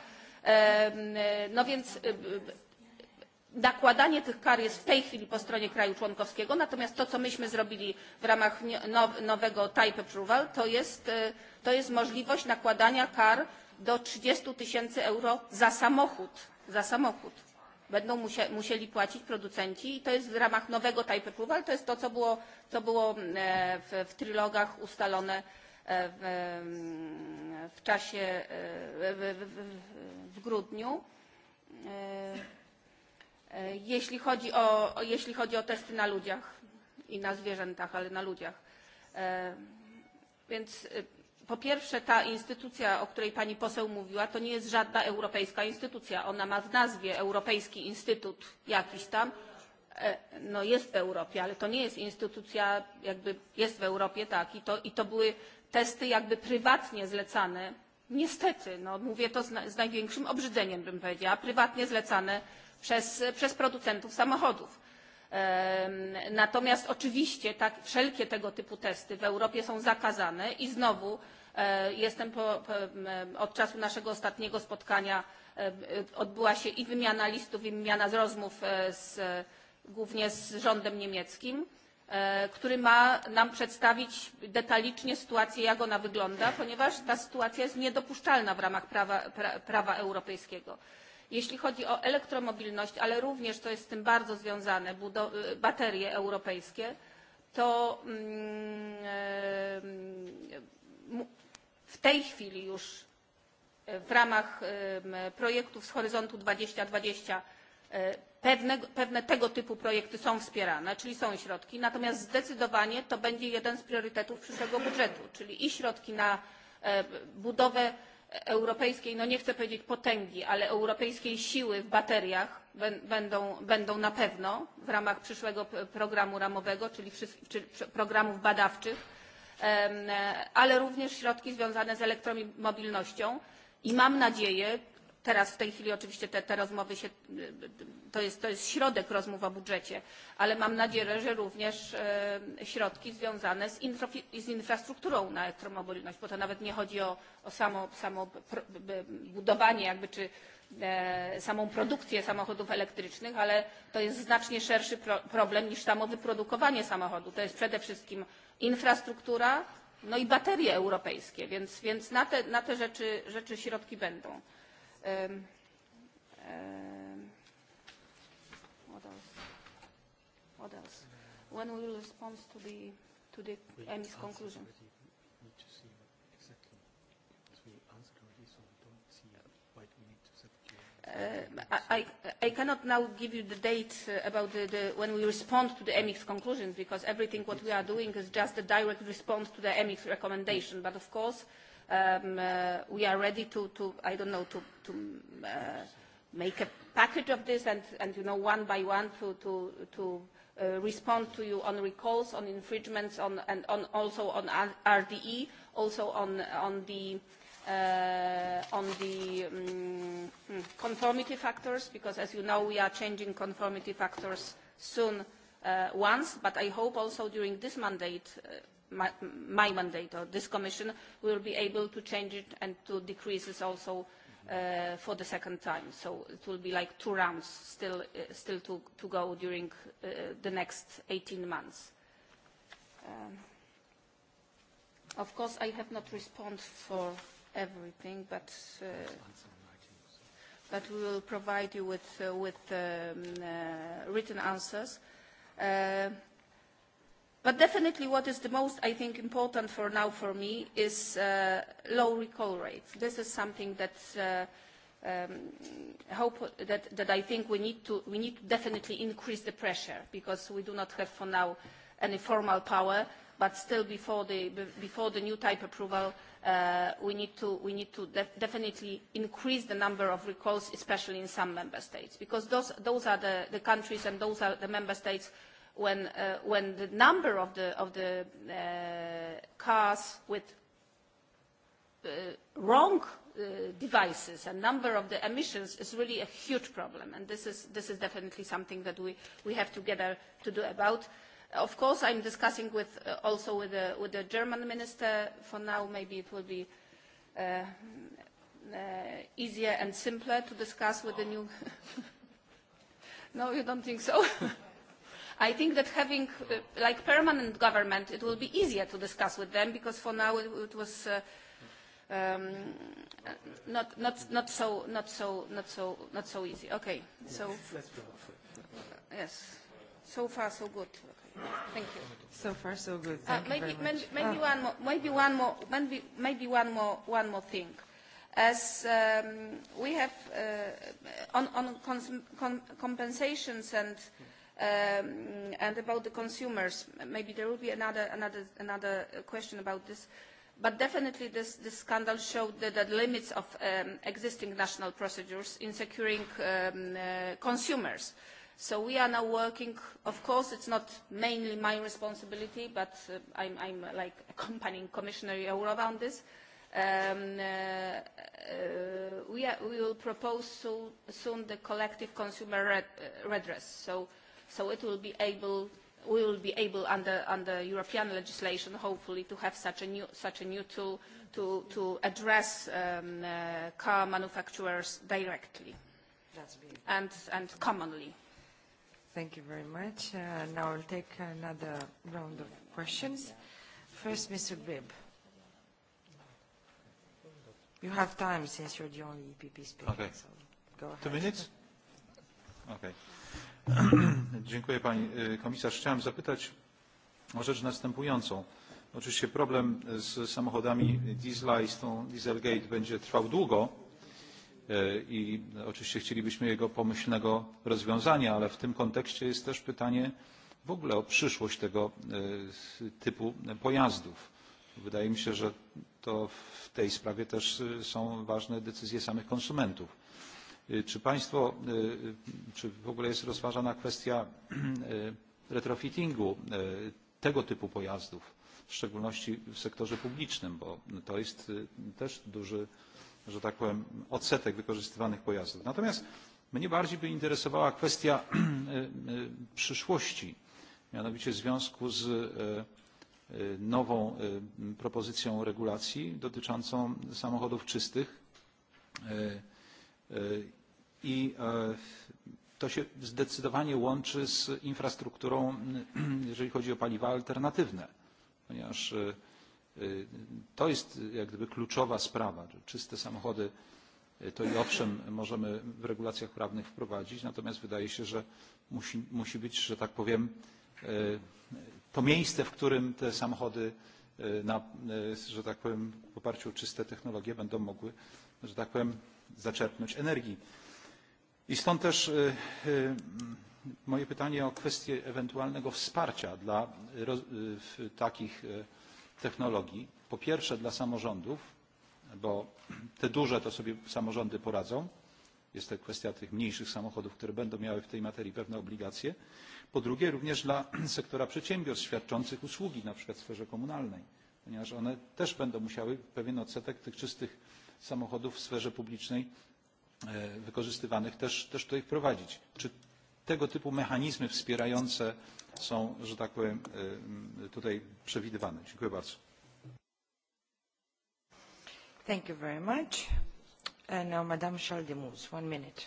E, no więc e, nakładanie tych kar jest w tej chwili po stronie kraju członkowskiego, natomiast to, co myśmy zrobili w ramach nowego type approval, to jest, to jest możliwość nakładania kar do 30 tysięcy euro za samochód, za samochód będą musie, musieli płacić producenci i to jest w ramach nowego type approval, ale to jest to, co było, co było e, w, w trylogach ustalone e, w, mm, w czasie e, w, w, w grudniu. Jeśli chodzi, o, jeśli chodzi o testy na ludziach i na zwierzętach, ale na ludziach. Więc po pierwsze ta instytucja, o której pani poseł mówiła, to nie jest żadna europejska instytucja. Ona ma w nazwie Europejski Instytut jakiś tam. E, no jest w Europie, ale to nie jest instytucja, jakby jest w Europie, tak. I to, i to były testy jakby prywatnie zlecane. Niestety, no mówię to z, na, z największym obrzydzeniem, bym powiedziała, prywatnie zlecane przez, przez producentów samochodów. E, natomiast oczywiście tak, wszelkie tego typu testy w Europie są zakazane i znowu E, jestem po, po, od czasu naszego ostatniego spotkania e, odbyła się i wymiana listów, i wymiana z rozmów e, z, głównie z rządem niemieckim, który ma nam przedstawić detalicznie sytuację, jak ona wygląda, ponieważ ta sytuacja jest niedopuszczalna w ramach prawa, pra, prawa europejskiego. Jeśli chodzi o elektromobilność, ale również, to jest z tym bardzo związane, baterie europejskie, to mm, w tej chwili już e, w ramach projektów z horyzontu 2020 e, pewne, dwadzieścia pewne tego typu projekty są wspierane czyli są środki natomiast zdecydowanie to będzie jeden z priorytetów przyszłego budżetu czyli i środki na e, budowę europejskiej no nie chcę powiedzieć potęgi ale europejskiej siły w bateriach będą, będą na pewno w ramach przyszłego programu ramowego czyli programów badawczych E, ale również środki związane z elektromobilnością i mam nadzieję teraz w tej chwili oczywiście te, te rozmowy się, to jest, to jest środek rozmów o budżecie, ale mam nadzieję, że również e, środki związane z, infra, z infrastrukturą na elektromobilność, bo to nawet nie chodzi o, o samo, samo budowanie jakby, czy e, samą produkcję samochodów elektrycznych, ale to jest znacznie szerszy pro, problem niż samo wyprodukowanie samochodu. To jest przede wszystkim infrastruktura, no i baterie europejskie, więc, więc na, te, na te rzeczy, rzeczy środki będą um, um, what else? What else? When we will respond to the to the we uh, EMI's conclusion? Need to see exactly. So we answered already, so we don't see why we need to substitute. Uh, I, I cannot now give you the date uh, about the, the, when we respond to the MX conclusions because everything what we are doing is just a direct response to the MX recommendation. But of course, uh, um, uh, we are ready to, to I don't know, to, to uh, make a package of this and, and you know, one by one to, to, to uh, respond to you on recalls, on infringements, on, and on also on RDE, also on, on the uh, on the um, conformity factors, because as you know, we are changing conformity factors soon uh, once, but I hope also during this mandate, uh, my, my mandate or this commission will be able to change it and to decrease this also uh, for the second time. So it will be like two rounds still, uh, still to, to go during uh, the next 18 months. Um, of course, I have not responded for everything, but, uh, but we will provide you with, uh, with um, uh, written answers. Uh, But definitely what is the most, I think, important for now for me is uh, low recall rates. This is something that, uh, um, hope that, that I think we need, to, we need to definitely increase the pressure because we do not have for now any formal power, but still before the, before the new type approval, uh, we need to, we need to def definitely increase the number of recalls, especially in some member states, because those, those are the, the countries and those are the member states when, uh, when the number of the, of the uh, cars with uh, wrong uh, devices and number of the emissions is really a huge problem. And this is, this is definitely something that we, we have together to do about. Of course, I'm discussing with, uh, also with the, with the German minister for now. Maybe it will be uh, uh, easier and simpler to discuss with the new... [LAUGHS] no, you don't think so? [LAUGHS] I think that having uh, like permanent government, it will be easier to discuss with them because for now it, it was uh, um, not, not, not, so, not, so, not, so, not so easy. Okay, so yes, so far so good. Okay. Thank you. So far, so good. Uh, Thank uh, maybe, you very much. maybe, oh. one more, maybe one more, maybe, maybe one more, one more thing as um, we have uh, on, on com compensations and Um, and about the consumers. Maybe there will be another, another, another uh, question about this. But definitely this, this scandal showed the, the limits of um, existing national procedures in securing um, uh, consumers. So we are now working, of course it's not mainly my responsibility, but uh, I'm, I'm uh, like accompanying Commissioner Jourova on this. Um, uh, uh, we, are, we will propose so, soon the collective consumer red, uh, redress. So so it will be able we will be able under, under European legislation hopefully to have such a new, such a new tool to, to address um, uh, car manufacturers directly That's and, and commonly. Thank you very much. Uh, now I'll take another round of questions. First, Mr. Grib. You have time since you're the only EPP speaker. Okay. So go ahead. Two minutes? [LAUGHS] Okay. Dziękuję Pani e, Komisarz. Chciałem zapytać o rzecz następującą. Oczywiście problem z samochodami diesla i z tą Dieselgate będzie trwał długo e, i oczywiście chcielibyśmy jego pomyślnego rozwiązania, ale w tym kontekście jest też pytanie w ogóle o przyszłość tego e, typu pojazdów. Wydaje mi się, że to w tej sprawie też są ważne decyzje samych konsumentów Czy państwo, e, czy w ogóle jest rozważana kwestia e, retrofittingu e, tego typu pojazdów, w szczególności w sektorze publicznym, bo to jest też duży, że tak powiem, odsetek wykorzystywanych pojazdów. Natomiast mnie bardziej by interesowała kwestia przyszłości, mianowicie w związku z nową propozycją regulacji dotyczącą samochodów czystych i e, to się zdecydowanie łączy z infrastrukturą, [CLEARS THROAT] jeżeli chodzi o paliwa alternatywne, ponieważ e, e, to jest jak gdyby kluczowa sprawa. Czyste samochody to i owszem możemy w regulacjach prawnych wprowadzić, natomiast wydaje się, że musi, musi być, że tak powiem, to miejsce, w którym te samochody, na, że tak powiem, w oparciu o czyste technologie będą mogły, że tak powiem, zaczerpnąć energii. I stąd też moje pytanie o kwestię ewentualnego wsparcia dla takich technologii. Po pierwsze dla samorządów, bo te duże to sobie samorządy poradzą. Jest to kwestia tych mniejszych samochodów, które będą miały w tej materii pewne obligacje. Po drugie również dla [CLEARS THROAT] sektora przedsiębiorstw świadczących usługi, na przykład w sferze komunalnej, ponieważ one też będą musiały pewien odsetek tych czystych samochodów w sferze publicznej E, wykorzystywanych też, też tutaj wprowadzić. Czy tego typu mechanizmy wspierające są, że tak powiem, e, tutaj przewidywane? Dziękuję bardzo. Thank you very much. And now Madame Chaldemus, one minute.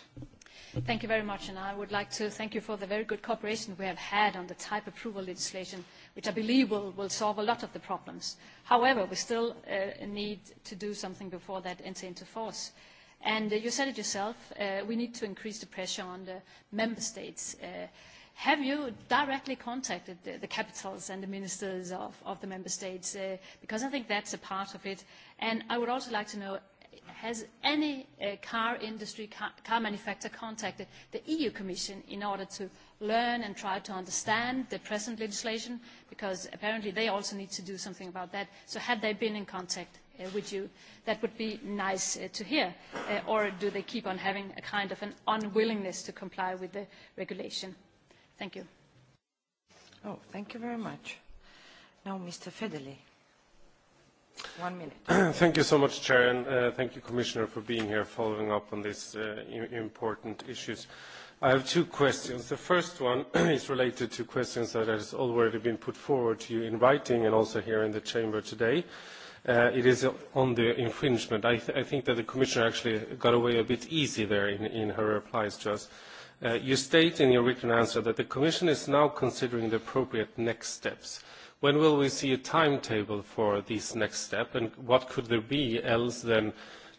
Thank you very much, and I would like to thank you for the very good cooperation we have had on the type approval legislation, which I believe will, will solve a lot of the problems. However, we still uh, need to do something before that enter into force. Uh, And uh, you said it yourself, uh, we need to increase the pressure on the member states. Uh, have you directly contacted the, the capitals and the ministers of, of the member states? Uh, because I think that's a part of it. And I would also like to know, has any uh, car industry, car, car manufacturer contacted the EU Commission in order to learn and try to understand the present legislation? Because apparently they also need to do something about that. So had they been in contact? Would uh, with you. That would be nice uh, to hear. Uh, or do they keep on having a kind of an unwillingness to comply with the regulation? Thank you. Oh, thank you very much. Now, Mr. Federley. One minute. [CLEARS THROAT] thank you so much, Chair, and uh, thank you, Commissioner, for being here following up on these uh, important issues. I have two questions. The first one [CLEARS THROAT] is related to questions that has already been put forward to you in writing and also here in the chamber today uh, it is on the infringement. I, th I think that the Commissioner actually got away a bit easy there in, in her replies to us. Uh, you state in your written answer that the Commission is now considering the appropriate next steps. When will we see a timetable for this next step, and what could there be else than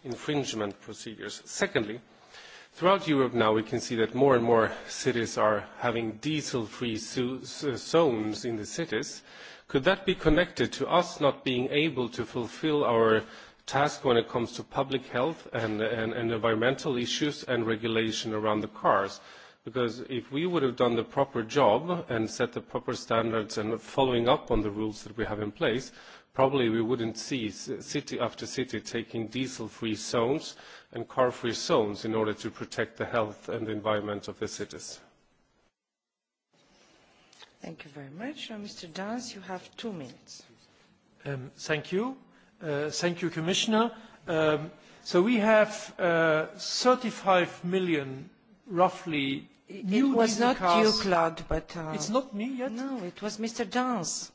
infringement procedures? Secondly, Throughout Europe now, we can see that more and more cities are having diesel-free zones in the cities. Uh, Could that be connected to us not being able to fulfill our task when it comes to public health and, and, and environmental issues and regulation around the cars? Because if we would have done the proper job and set the proper standards and following up on the rules that we have in place, probably we wouldn't see city after city taking diesel-free zones and car-free zones in order to protect the health and the environment of the cities. Thank you Mr. Dance, you have two minutes. Um, uh, thank you. Commissioner. Um, so we have uh, 35 million, roughly, new It was not cars. you, Claude, but... Uh, It's not me yet? No, it was Mr. Dance.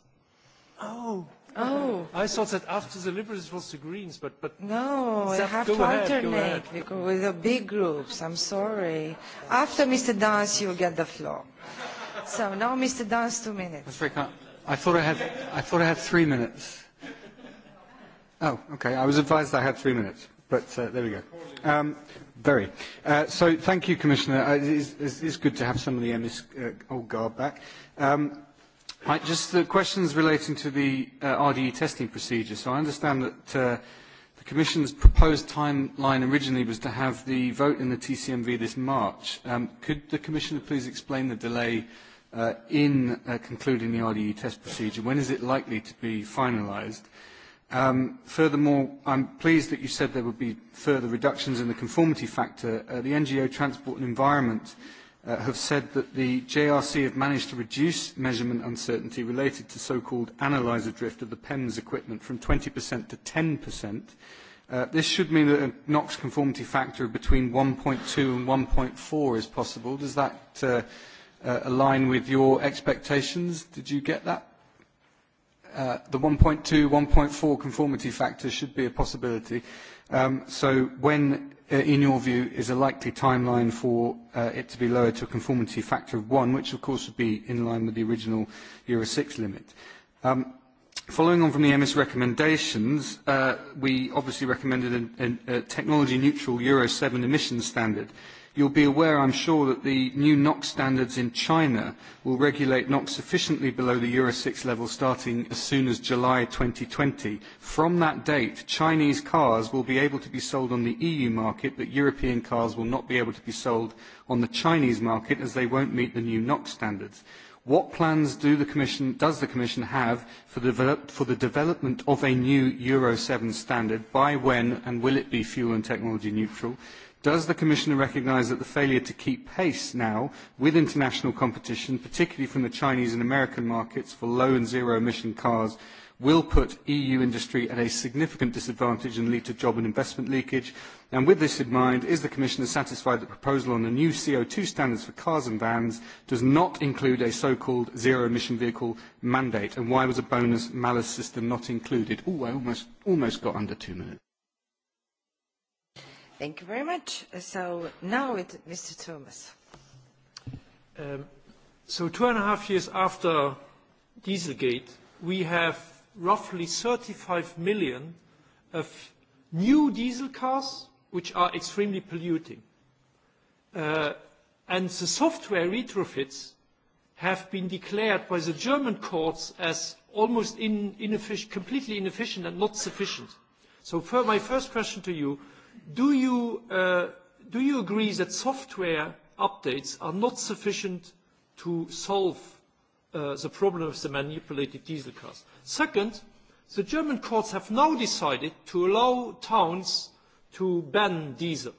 Oh. Oh. I thought that after the Liberals it was the Greens, but... but no, Zap, I have to ahead, alternate because with the big groups. I'm sorry. After Mr. Dance, you'll get the floor. So now Mr. Dance, two minutes. Sorry, I thought I had, I thought I had three minutes. Oh, okay. I was advised I had three minutes, but uh, there we go. Um, very. Uh, so thank you, Commissioner. Uh, it, is, it is good to have some of the MS uh, old guard back. Um, right, just the questions relating to the uh, RDE testing procedure. So I understand that uh, the Commission's proposed timeline originally was to have the vote in the TCMV this March. Um, could the Commissioner please explain the delay uh, in uh, concluding the RDE test procedure? When is it likely to be finalised? Um, furthermore, I'm pleased that you said there would be further reductions in the conformity factor. Uh, the NGO Transport and Environment uh, have said that the JRC have managed to reduce measurement uncertainty related to so-called analyzer drift of the PEMS equipment from 20% to 10%. Uh, this should mean that a NOx conformity factor of between 1.2 and 1.4 is possible. Does that uh, Uh, align with your expectations. Did you get that? Uh, the 1.2, 1.4 conformity factor should be a possibility. Um, so when, uh, in your view, is a likely timeline for it to be lowered to a conformity factor of 1, which of course would be in line with the original Euro 6 limit? Um, following on from the EMIS recommendations, we obviously recommended a technology-neutral Euro 7 emission standard. You'll be aware, I'm sure, that the new NOx standards in China will regulate NOx sufficiently below the Euro 6 level starting as soon as July 2020. From that date, Chinese cars will be able to be sold on the EU market, but European cars will not be able to be sold on the Chinese market as they won't meet the new NOx standards. What plans does the Commission have for the, for the development of a new Euro 7 standard? By when, and will it be fuel and technology neutral? Does the Commissioner recognise that the failure to keep pace now with international competition, particularly from the Chinese and American markets for low and zero emission cars, will put EU industry at a significant disadvantage and lead to job and investment leakage? And with this in mind, is the Commissioner satisfied that the proposal on the new co two standards for cars and vans does not include a so-called zero-emission vehicle mandate? And why was a bonus malice system not included? Oh, I almost, almost got under two minutes. Thank you very much. So now it's Mr. Thomas. Um, so two and a half years after Dieselgate, we have roughly 35 million of new diesel cars which are extremely polluting. Uh, and the software retrofits have been declared by the German courts as almost in, ineffic completely inefficient and not sufficient. So for my first question to you, do you, uh, do you agree that software updates are not sufficient to solve uh, the problem of the manipulated diesel cars? Second, the German courts have now decided to allow towns to ban diesel.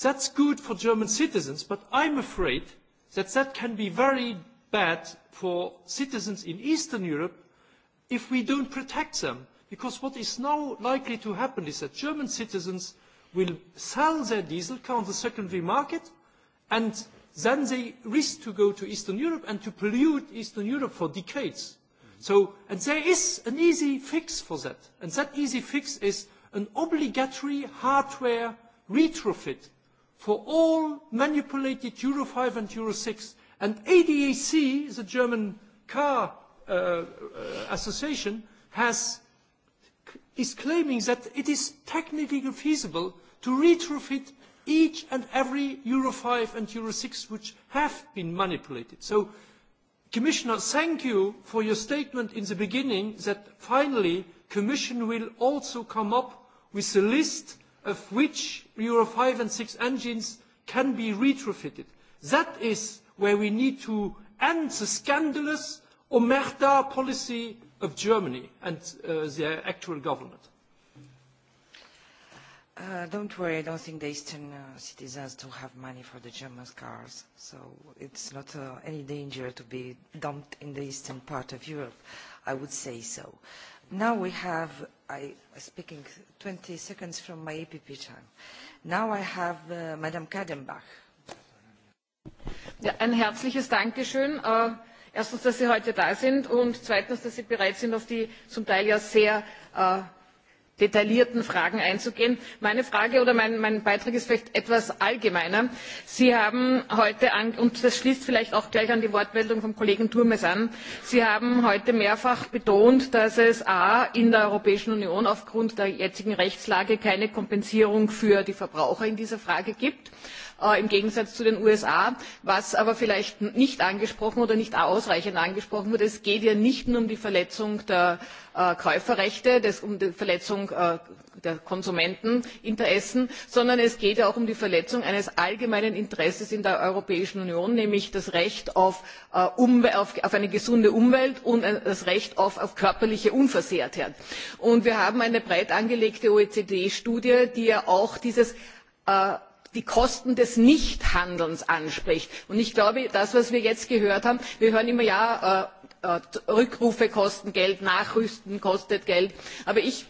That's good for German citizens, but I'm afraid that that can be very bad for citizens in Eastern Europe if we don't protect them. Because what is now likely to happen is that German citizens will sell their diesel car on the secondary market and then they risk to go to Eastern Europe and to pollute Eastern Europe for decades. So, and there is an easy fix for that. And that easy fix is an obligatory hardware retrofit for all manipulated Euro 5 and Euro 6. And ADAC, the German car uh, uh, association, has is claiming that it is technically feasible to retrofit each and every Euro 5 and Euro 6 which have been manipulated. So, Commissioner, thank you for your statement in the beginning that finally Commission will also come up with a list of which Euro 5 and 6 engines can be retrofitted. That is where we need to end the scandalous Omerta policy of Germany and uh, their actual government? Uh, don't worry, I don't think the Eastern uh, citizens don't have money for the German cars, so it's not uh, any danger to be dumped in the Eastern part of Europe. I would say so. Now we have, I speaking 20 seconds from my EPP time. Now I have uh, Madame Kadenbach. Ja, ein herzliches Dankeschön. Uh, erstens dass sie heute da sind und zweitens dass sie bereit sind auf die zum teil ja sehr äh, detaillierten fragen einzugehen. meine frage oder mein, mein beitrag ist vielleicht etwas allgemeiner. sie haben heute an, und das schließt vielleicht auch gleich an die wortmeldung des kollegen turmes an sie haben heute mehrfach betont dass es a in der europäischen union aufgrund der jetzigen rechtslage keine kompensierung für die verbraucher in dieser frage gibt Äh, im gegensatz zu den usa. was aber vielleicht nicht angesprochen oder nicht ausreichend angesprochen wurde es geht ja nicht nur um die verletzung der äh, käuferrechte um die verletzung äh, der konsumenteninteressen sondern es geht ja auch um die verletzung eines allgemeinen interesses in der europäischen union nämlich des rechts auf, eine gesunde umwelt und das recht auf, auf körperliche unversehrtheit. Und wir haben eine breit angelegte oecd studie die ja auch dieses die kosten des nichthandelns anspricht. Und ich glaube das was wir jetzt gehört haben wir hören immer ja äh, äh, rückrufe kosten geld nachrüsten kostet geld aber ich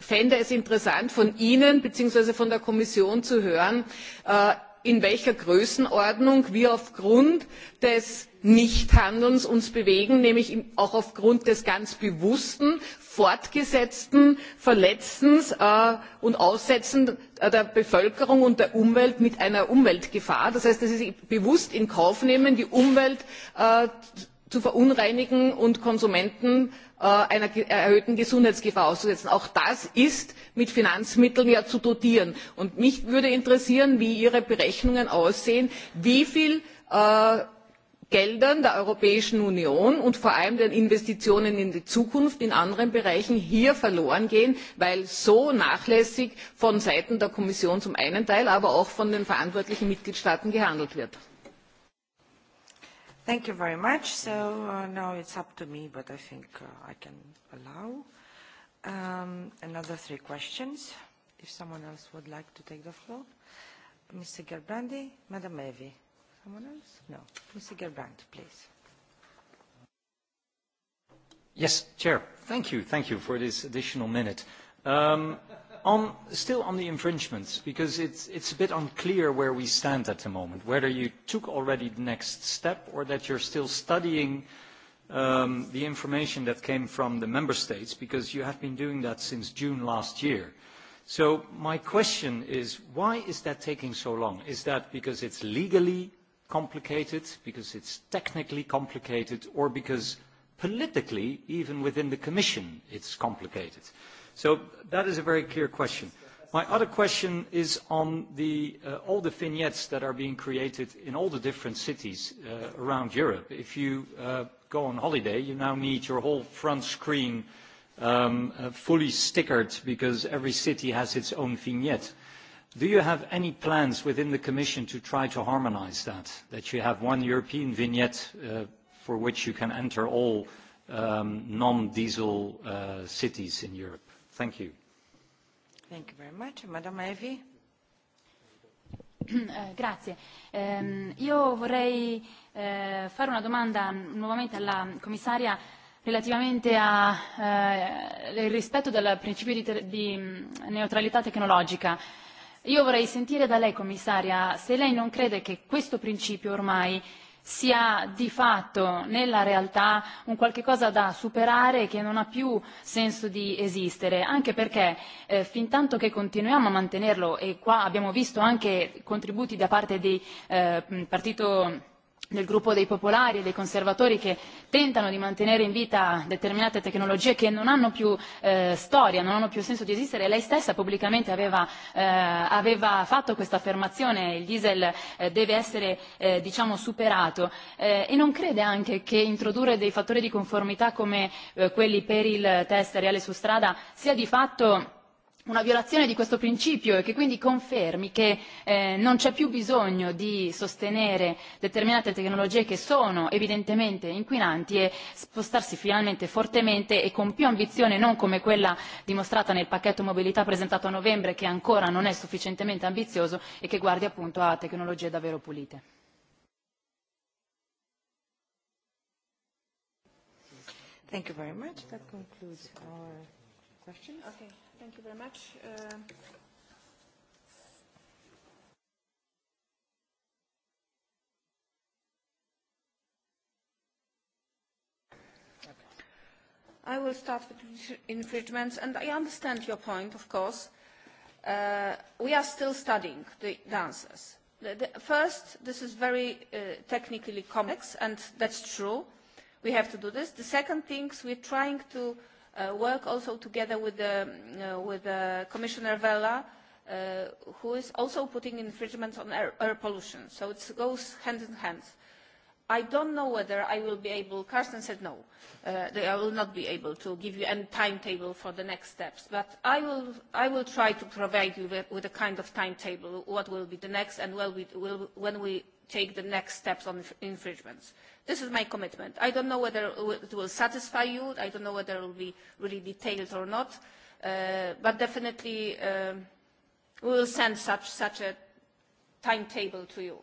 fände es interessant von ihnen bzw. von der kommission zu hören äh, in welcher größenordnung wir aufgrund des nichthandelns uns bewegen nämlich auch aufgrund des ganz bewussten fortgesetzten verletzens äh, und aussetzens der bevölkerung und der umwelt mit einer umweltgefahr. das heißt dass sie bewusst in kauf nehmen die umwelt äh, zu verunreinigen und konsumenten äh, einer erhöhten gesundheitsgefahr auszusetzen. auch das ist mit finanzmitteln ja zu dotieren. mich würde interessieren wie ihre berechnungen aussehen wie viel geldern der europäischen union und vor allem den investitionen in die zukunft in anderen bereichen hier verloren gehen, weil so nachlässig von seiten der kommission zum einen teil aber auch von den verantwortlichen mitgliedstaaten gehandelt wird. Uh, uh, um, another three questions. If someone else would like to take the floor, Someone else? No. Mr. Gerbrand, please. Yes, Chair. Thank you. Thank you for this additional minute. Um, on, still on the infringements, because it's, it's a bit unclear where we stand at the moment, whether you took already the next step or that you're still studying um, the information that came from the member states, because you have been doing that since June last year. So my question is, why is that taking so long? Is that because it's legally complicated, because it's technically complicated, or because politically, even within the Commission, it's complicated. So that is a very clear question. My other question is on the, uh, all the vignettes that are being created in all the different cities uh, around Europe. If you uh, go on holiday, you now need your whole front screen um, uh, fully stickered because every city has its own vignette. Do you have any plans within the Commission to try to harmonise that, that you have one European vignette uh, for which you can enter all um, non-diesel uh, cities in Europe? Thank you. Thank you very much. Madam Evi? [CLEARS THROAT] Eh, grazie. Ehm, io vorrei eh, fare una domanda nuovamente alla commissaria relativamente al eh, rispetto del principio di neutralità tecnologica. Io vorrei sentire da lei, commissaria, se lei non crede che questo principio ormai sia di fatto nella realtà un qualche cosa da superare e che non ha più senso di esistere, anche perché eh, fin tanto che continuiamo a mantenerlo e qua abbiamo visto anche contributi da parte di eh, partito del gruppo dei popolari e dei conservatori che tentano di mantenere in vita determinate tecnologie che non hanno più eh, storia, non hanno più senso di esistere. Lei stessa pubblicamente aveva, eh, aveva fatto questa affermazione, il diesel eh, deve essere eh, diciamo superato eh, e non crede anche che introdurre dei fattori di conformità come eh, quelli per il test reale su strada sia di fatto una violazione di questo principio e che quindi confermi che eh, non c'è più bisogno di sostenere determinate tecnologie che sono evidentemente inquinanti e spostarsi finalmente fortemente e con più ambizione non come quella dimostrata nel pacchetto mobilità presentato a novembre che ancora non è sufficientemente ambizioso e che guardi appunto a tecnologie davvero pulite. Thank you very much. That concludes our questions. Okay. Thank you very much. Uh... I will start with infringements, and I understand your point, of course. Uh, we are still studying the dancers. The, the, first, this is very uh, technically complex, and that's true. We have to do this. The second thing, we're trying to uh, uh, work also together with, the, uh, with uh, Commissioner Vella, uh, who is also putting infringements on air, air pollution. So it goes hand in hand. I don't know whether I will be able, Carsten said no, uh, they, I will not be able to give you any timetable for the next steps, but I will, I will try to provide you with, with a kind of timetable, what will be the next and when we, will, when we take the next steps on infringements. Uh, This is my commitment. I don't know whether it will satisfy you. I don't know whether it will be really detailed or not. Uh, but definitely um, we will send such, such a timetable to you,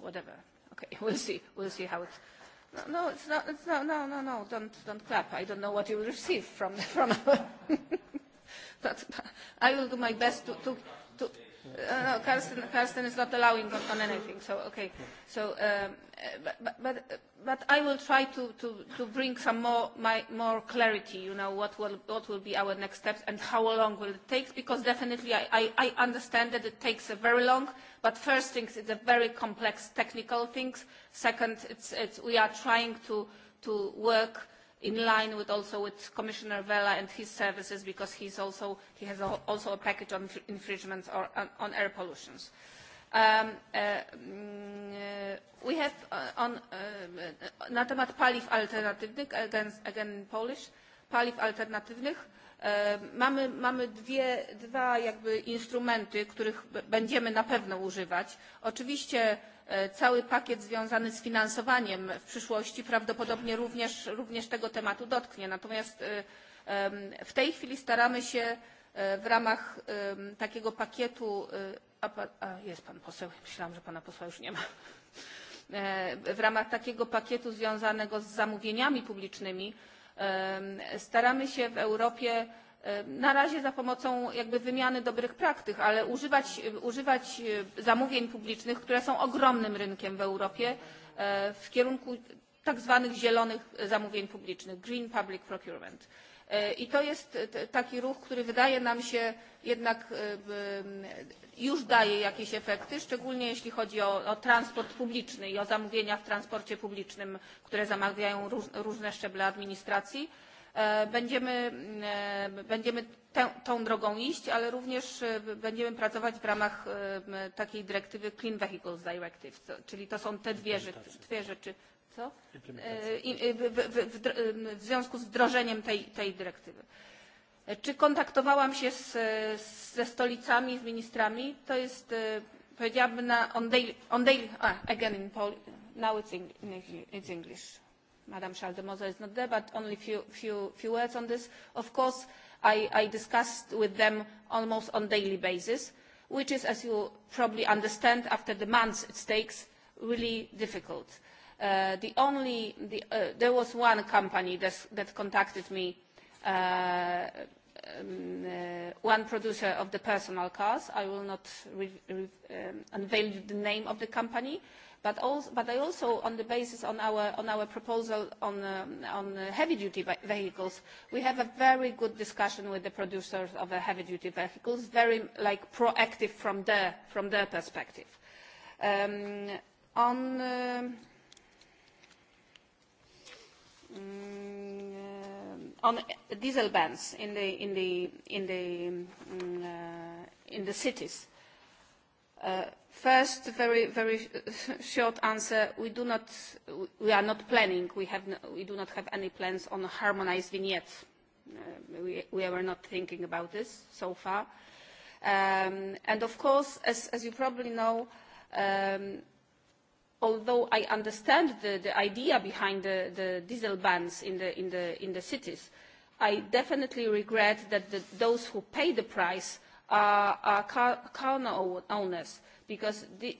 whatever. Okay, [LAUGHS] we'll see. We'll see how it... No, no, it's not, it's not, no, no, no, don't, don't clap. I don't know what you will receive from... [LAUGHS] from [LAUGHS] but I will do my best to, to, to Uh, no, Carsten, Carsten is not allowing on, on anything, so okay. So, um, uh, but, but, but I will try to, to, to bring some more, my, more clarity, you know, what will, what will be our next steps and how long will it take, because definitely I, I, I understand that it takes a very long, but first things, it's a very complex technical things. Second, it's, it's, we are trying to, to work in line with also with Commissioner Vella and his services because he's also, he has a, also a package on infringements or on, on air pollution. Um, uh, mm, uh, we have uh, on, uh, uh na temat paliw alternatywnych, again, again in Polish, paliw alternatywnych, E, mamy, mamy dwie, dwa jakby instrumenty, których będziemy na pewno używać. Oczywiście e, cały pakiet związany z finansowaniem w przyszłości prawdopodobnie również, również tego tematu dotknie. Natomiast e, w tej chwili staramy się w ramach takiego pakietu a, a jest pan poseł, myślałam, że pana posła już nie ma w ramach takiego pakietu związanego z zamówieniami publicznymi Staramy się w Europie na razie za pomocą jakby wymiany dobrych praktyk, ale używać, używać e, zamówień publicznych, które są ogromnym rynkiem w Europie e, w kierunku tak zwanych zielonych e, zamówień publicznych, green public procurement. I to jest taki ruch, który wydaje nam się jednak już daje jakieś efekty, szczególnie jeśli chodzi o, o transport publiczny i o zamówienia w transporcie publicznym, które zamawiają róż, różne szczeble administracji. E, będziemy, e, będziemy te, tą drogą iść, ale również e, będziemy pracować w ramach takiej dyrektywy Clean Vehicles Directive, co, czyli to są te dwie, dwie rzeczy. Co? W, w, w, w związku z wdrożeniem tej, tej dyrektywy. Czy kontaktowałam się z, ze stolicami, z ministrami? To jest, e, powiedziałabym, na on daily, on daily ah, again in Pol now it's, in, it's English. Madam Schaldemose is not there, but only few, few, few words on this. Of course, I, I discussed with them almost on daily basis, which is, as you probably understand, after the months it takes, really difficult. Uh, the only, the, uh, there was one company that, that contacted me Uh, um, uh, one producer of the personal cars. I will not um, unveil the name of the company, but, also, but I also, on the basis on our, on our proposal on, um, on heavy-duty vehicles, we have a very good discussion with the producers of the heavy-duty vehicles, very like proactive from their, from their perspective. Um, on... Um, mm, on diesel bans in the, in the, in the, um, uh, in the cities. Uh, first, very, very [LAUGHS] short answer, we, do not, we are not planning, we, have no, we do not have any plans on harmonized vignettes. Uh, we, we were not thinking about this so far. Um, and of course, as, as you probably know, um, although I understand the, the idea behind the, the diesel bans in the, in, the, in the cities, I definitely regret that the, those who pay the price are, are car, car owners because the,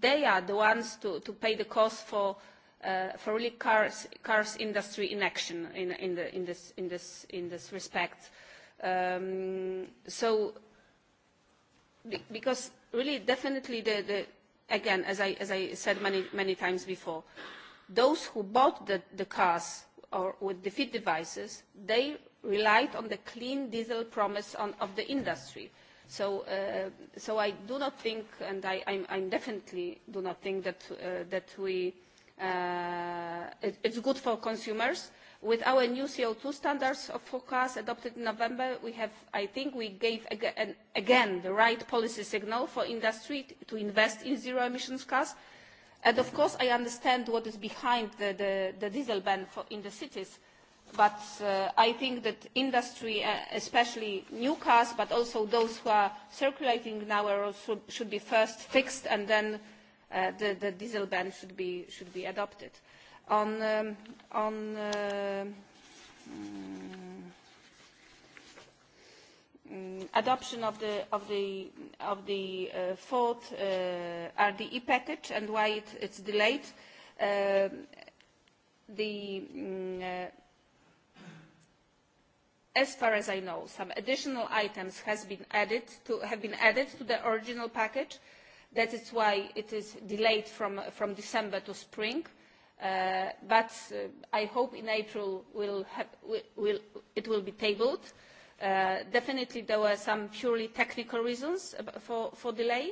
they are the ones to, to pay the cost for, uh, for really cars, cars industry inaction in, in, the, in, this, in, this, in this respect. Um, so, because really definitely the, the again, as I, as I said many, many times before, those who bought the, the cars or with the feed devices, they relied on the clean diesel promise on, of the industry. So, uh, so I do not think, and I, I'm, I'm definitely do not think that, uh, that we, uh, it, it's good for consumers With our new co two standards of forecast adopted in November, we have, I think we gave again the right policy signal for industry to invest in zero emissions cars. And of course, I understand what is behind the, the, the diesel ban for, in the cities, but uh, I think that industry, uh, especially new cars, but also those who are circulating now also should be first fixed and then uh, the, the diesel ban should be, should be adopted on, um, on um, mm, adoption of the, of the, of the uh, fourth uh, RDE package and why it, it's delayed. Uh, the, um, uh, as far as I know, some additional items has been added to, have been added to the original package. That is why it is delayed from, from December to spring. Uh, Uh, but uh, I hope in April we'll have, we, we'll, it will be tabled. Uh, definitely there were some purely technical reasons for, for delay.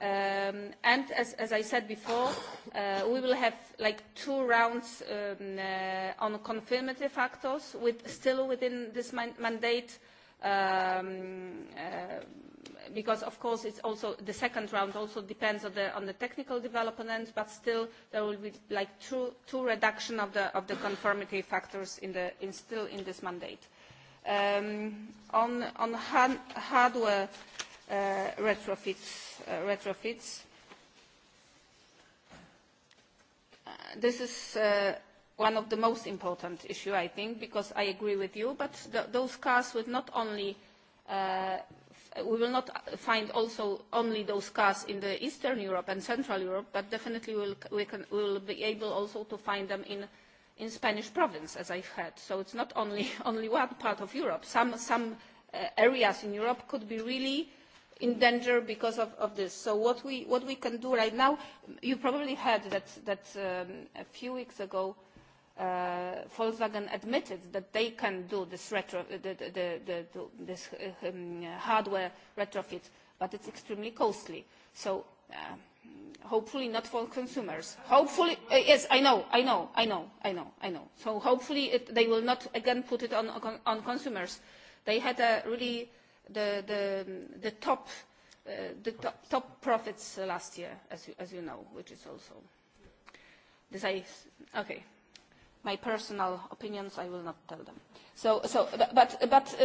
Um, and as, as I said before, uh, we will have like two rounds um, uh, on confirmatory factors with, still within this man mandate um, uh, because of course it's also the second round also depends on the on the technical development but still there will be like two two reduction of the of the conformity factors in the in still in this mandate um, on on han, hardware uh, retrofits uh, retrofits uh, this is uh, one of the most important issues, I think because I agree with you but th those cars with not only uh, we will not find also only those cars in the Eastern Europe and Central Europe, but definitely we'll, we, can, we will be able also to find them in, in Spanish province, as I've heard. So it's not only, [LAUGHS] only one part of Europe. Some, some uh, areas in Europe could be really in danger because of, of this. So what we, what we can do right now, you probably heard that, that um, a few weeks ago, uh, Volkswagen admitted that they can do this, retro, the, the, the, the, this uh, um, hardware retrofit, but it's extremely costly. So uh, hopefully not for consumers. Hopefully, uh, yes, I know, I know, I know, I know, I know. So hopefully it, they will not again put it on, on, consumers. They had a really the, the, the top uh, the top, top profits last year, as you, as you know, which is also this I okay my personal opinions i will not tell them so so but but uh,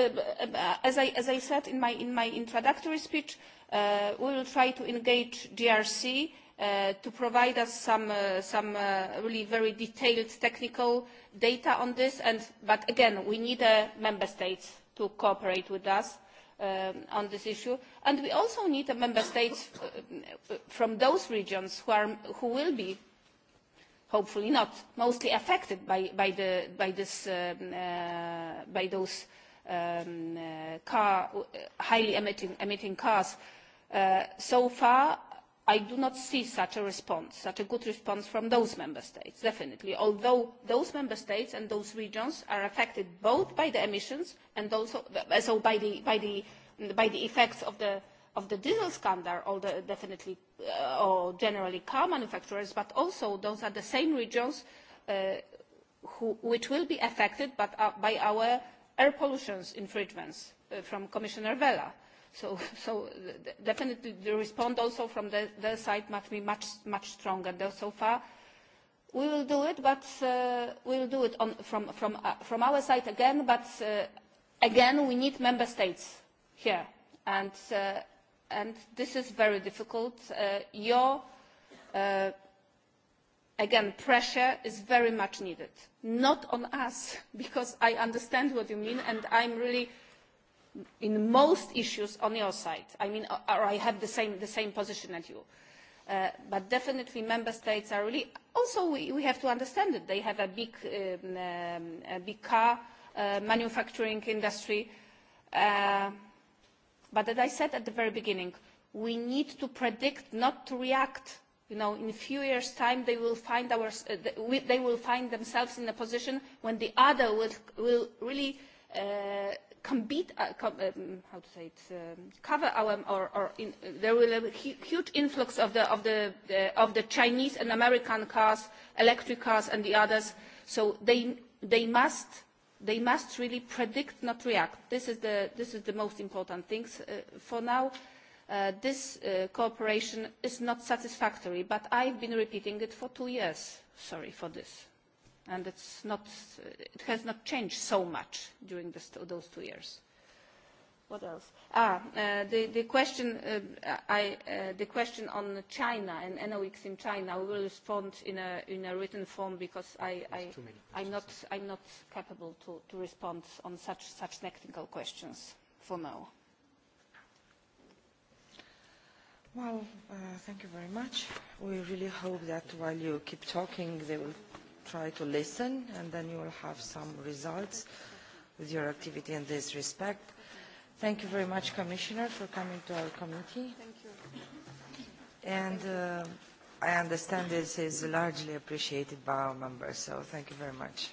uh, as i as i said in my in my introductory speech uh, we will try to engage grc uh, to provide us some uh, some uh, really very detailed technical data on this and but again we need uh, member states to cooperate with us um, on this issue and we also need a member states uh, from those regions who are who will be hopefully not mostly affected by, by, the, by, this, um, uh, by those um, uh, uh, highly emitting, emitting cars. Uh, so far, I do not see such a response, such a good response from those member states, definitely, although those member states and those regions are affected both by the emissions and also by, the, by, the, by the effects of the, of the diesel scandal, although definitely uh, or generally car manufacturers, but also those are the same regions uh, who, which will be affected but, uh, by our air pollution infringements uh, from Commissioner Vella. So, [LAUGHS] so uh, definitely the response also from the, their side must be much, much stronger. Though so far, we will do it, but uh, we will do it on, from, from, uh, from our side again, but uh, again, we need member states here. And uh, and this is very difficult. Uh, your, uh, again, pressure is very much needed. Not on us, [LAUGHS] because I understand what you mean, and I'm really, in most issues, on your side. I mean, uh, or I have the same, the same position as you. but definitely member states are really, also we, we have to understand it. They have a big, um, um, a big car uh, manufacturing industry. Uh, But as I said at the very beginning, we need to predict, not to react. You know, in a few years' time, they will find, uh, they will find themselves in a position when the other will, will really uh, compete, uh, um, how to say it, um, cover our, or, or in, there will be a hu huge influx of the, of, the, uh, of the Chinese and American cars, electric cars and the others. So they, they must they must really predict, not react. This is the, this is the most important thing. Uh, for now, uh, this uh, cooperation is not satisfactory, but I've been repeating it for two years. Sorry for this. And it's not, it has not changed so much during this, those two years what else? Ah, uh, the, the, question, uh, I, uh, the question on China and NOx in China, we will respond in a, in a written form because I, I, I'm, not, I'm not capable to, to respond on such, such technical questions for now. Well, uh, thank you very much. We really hope that while you keep talking, they will try to listen, and then you will have some results with your activity in this respect. Thank you very much, Commissioner, for coming to our committee. Thank you. And uh, I understand this is largely appreciated by our members, so thank you very much.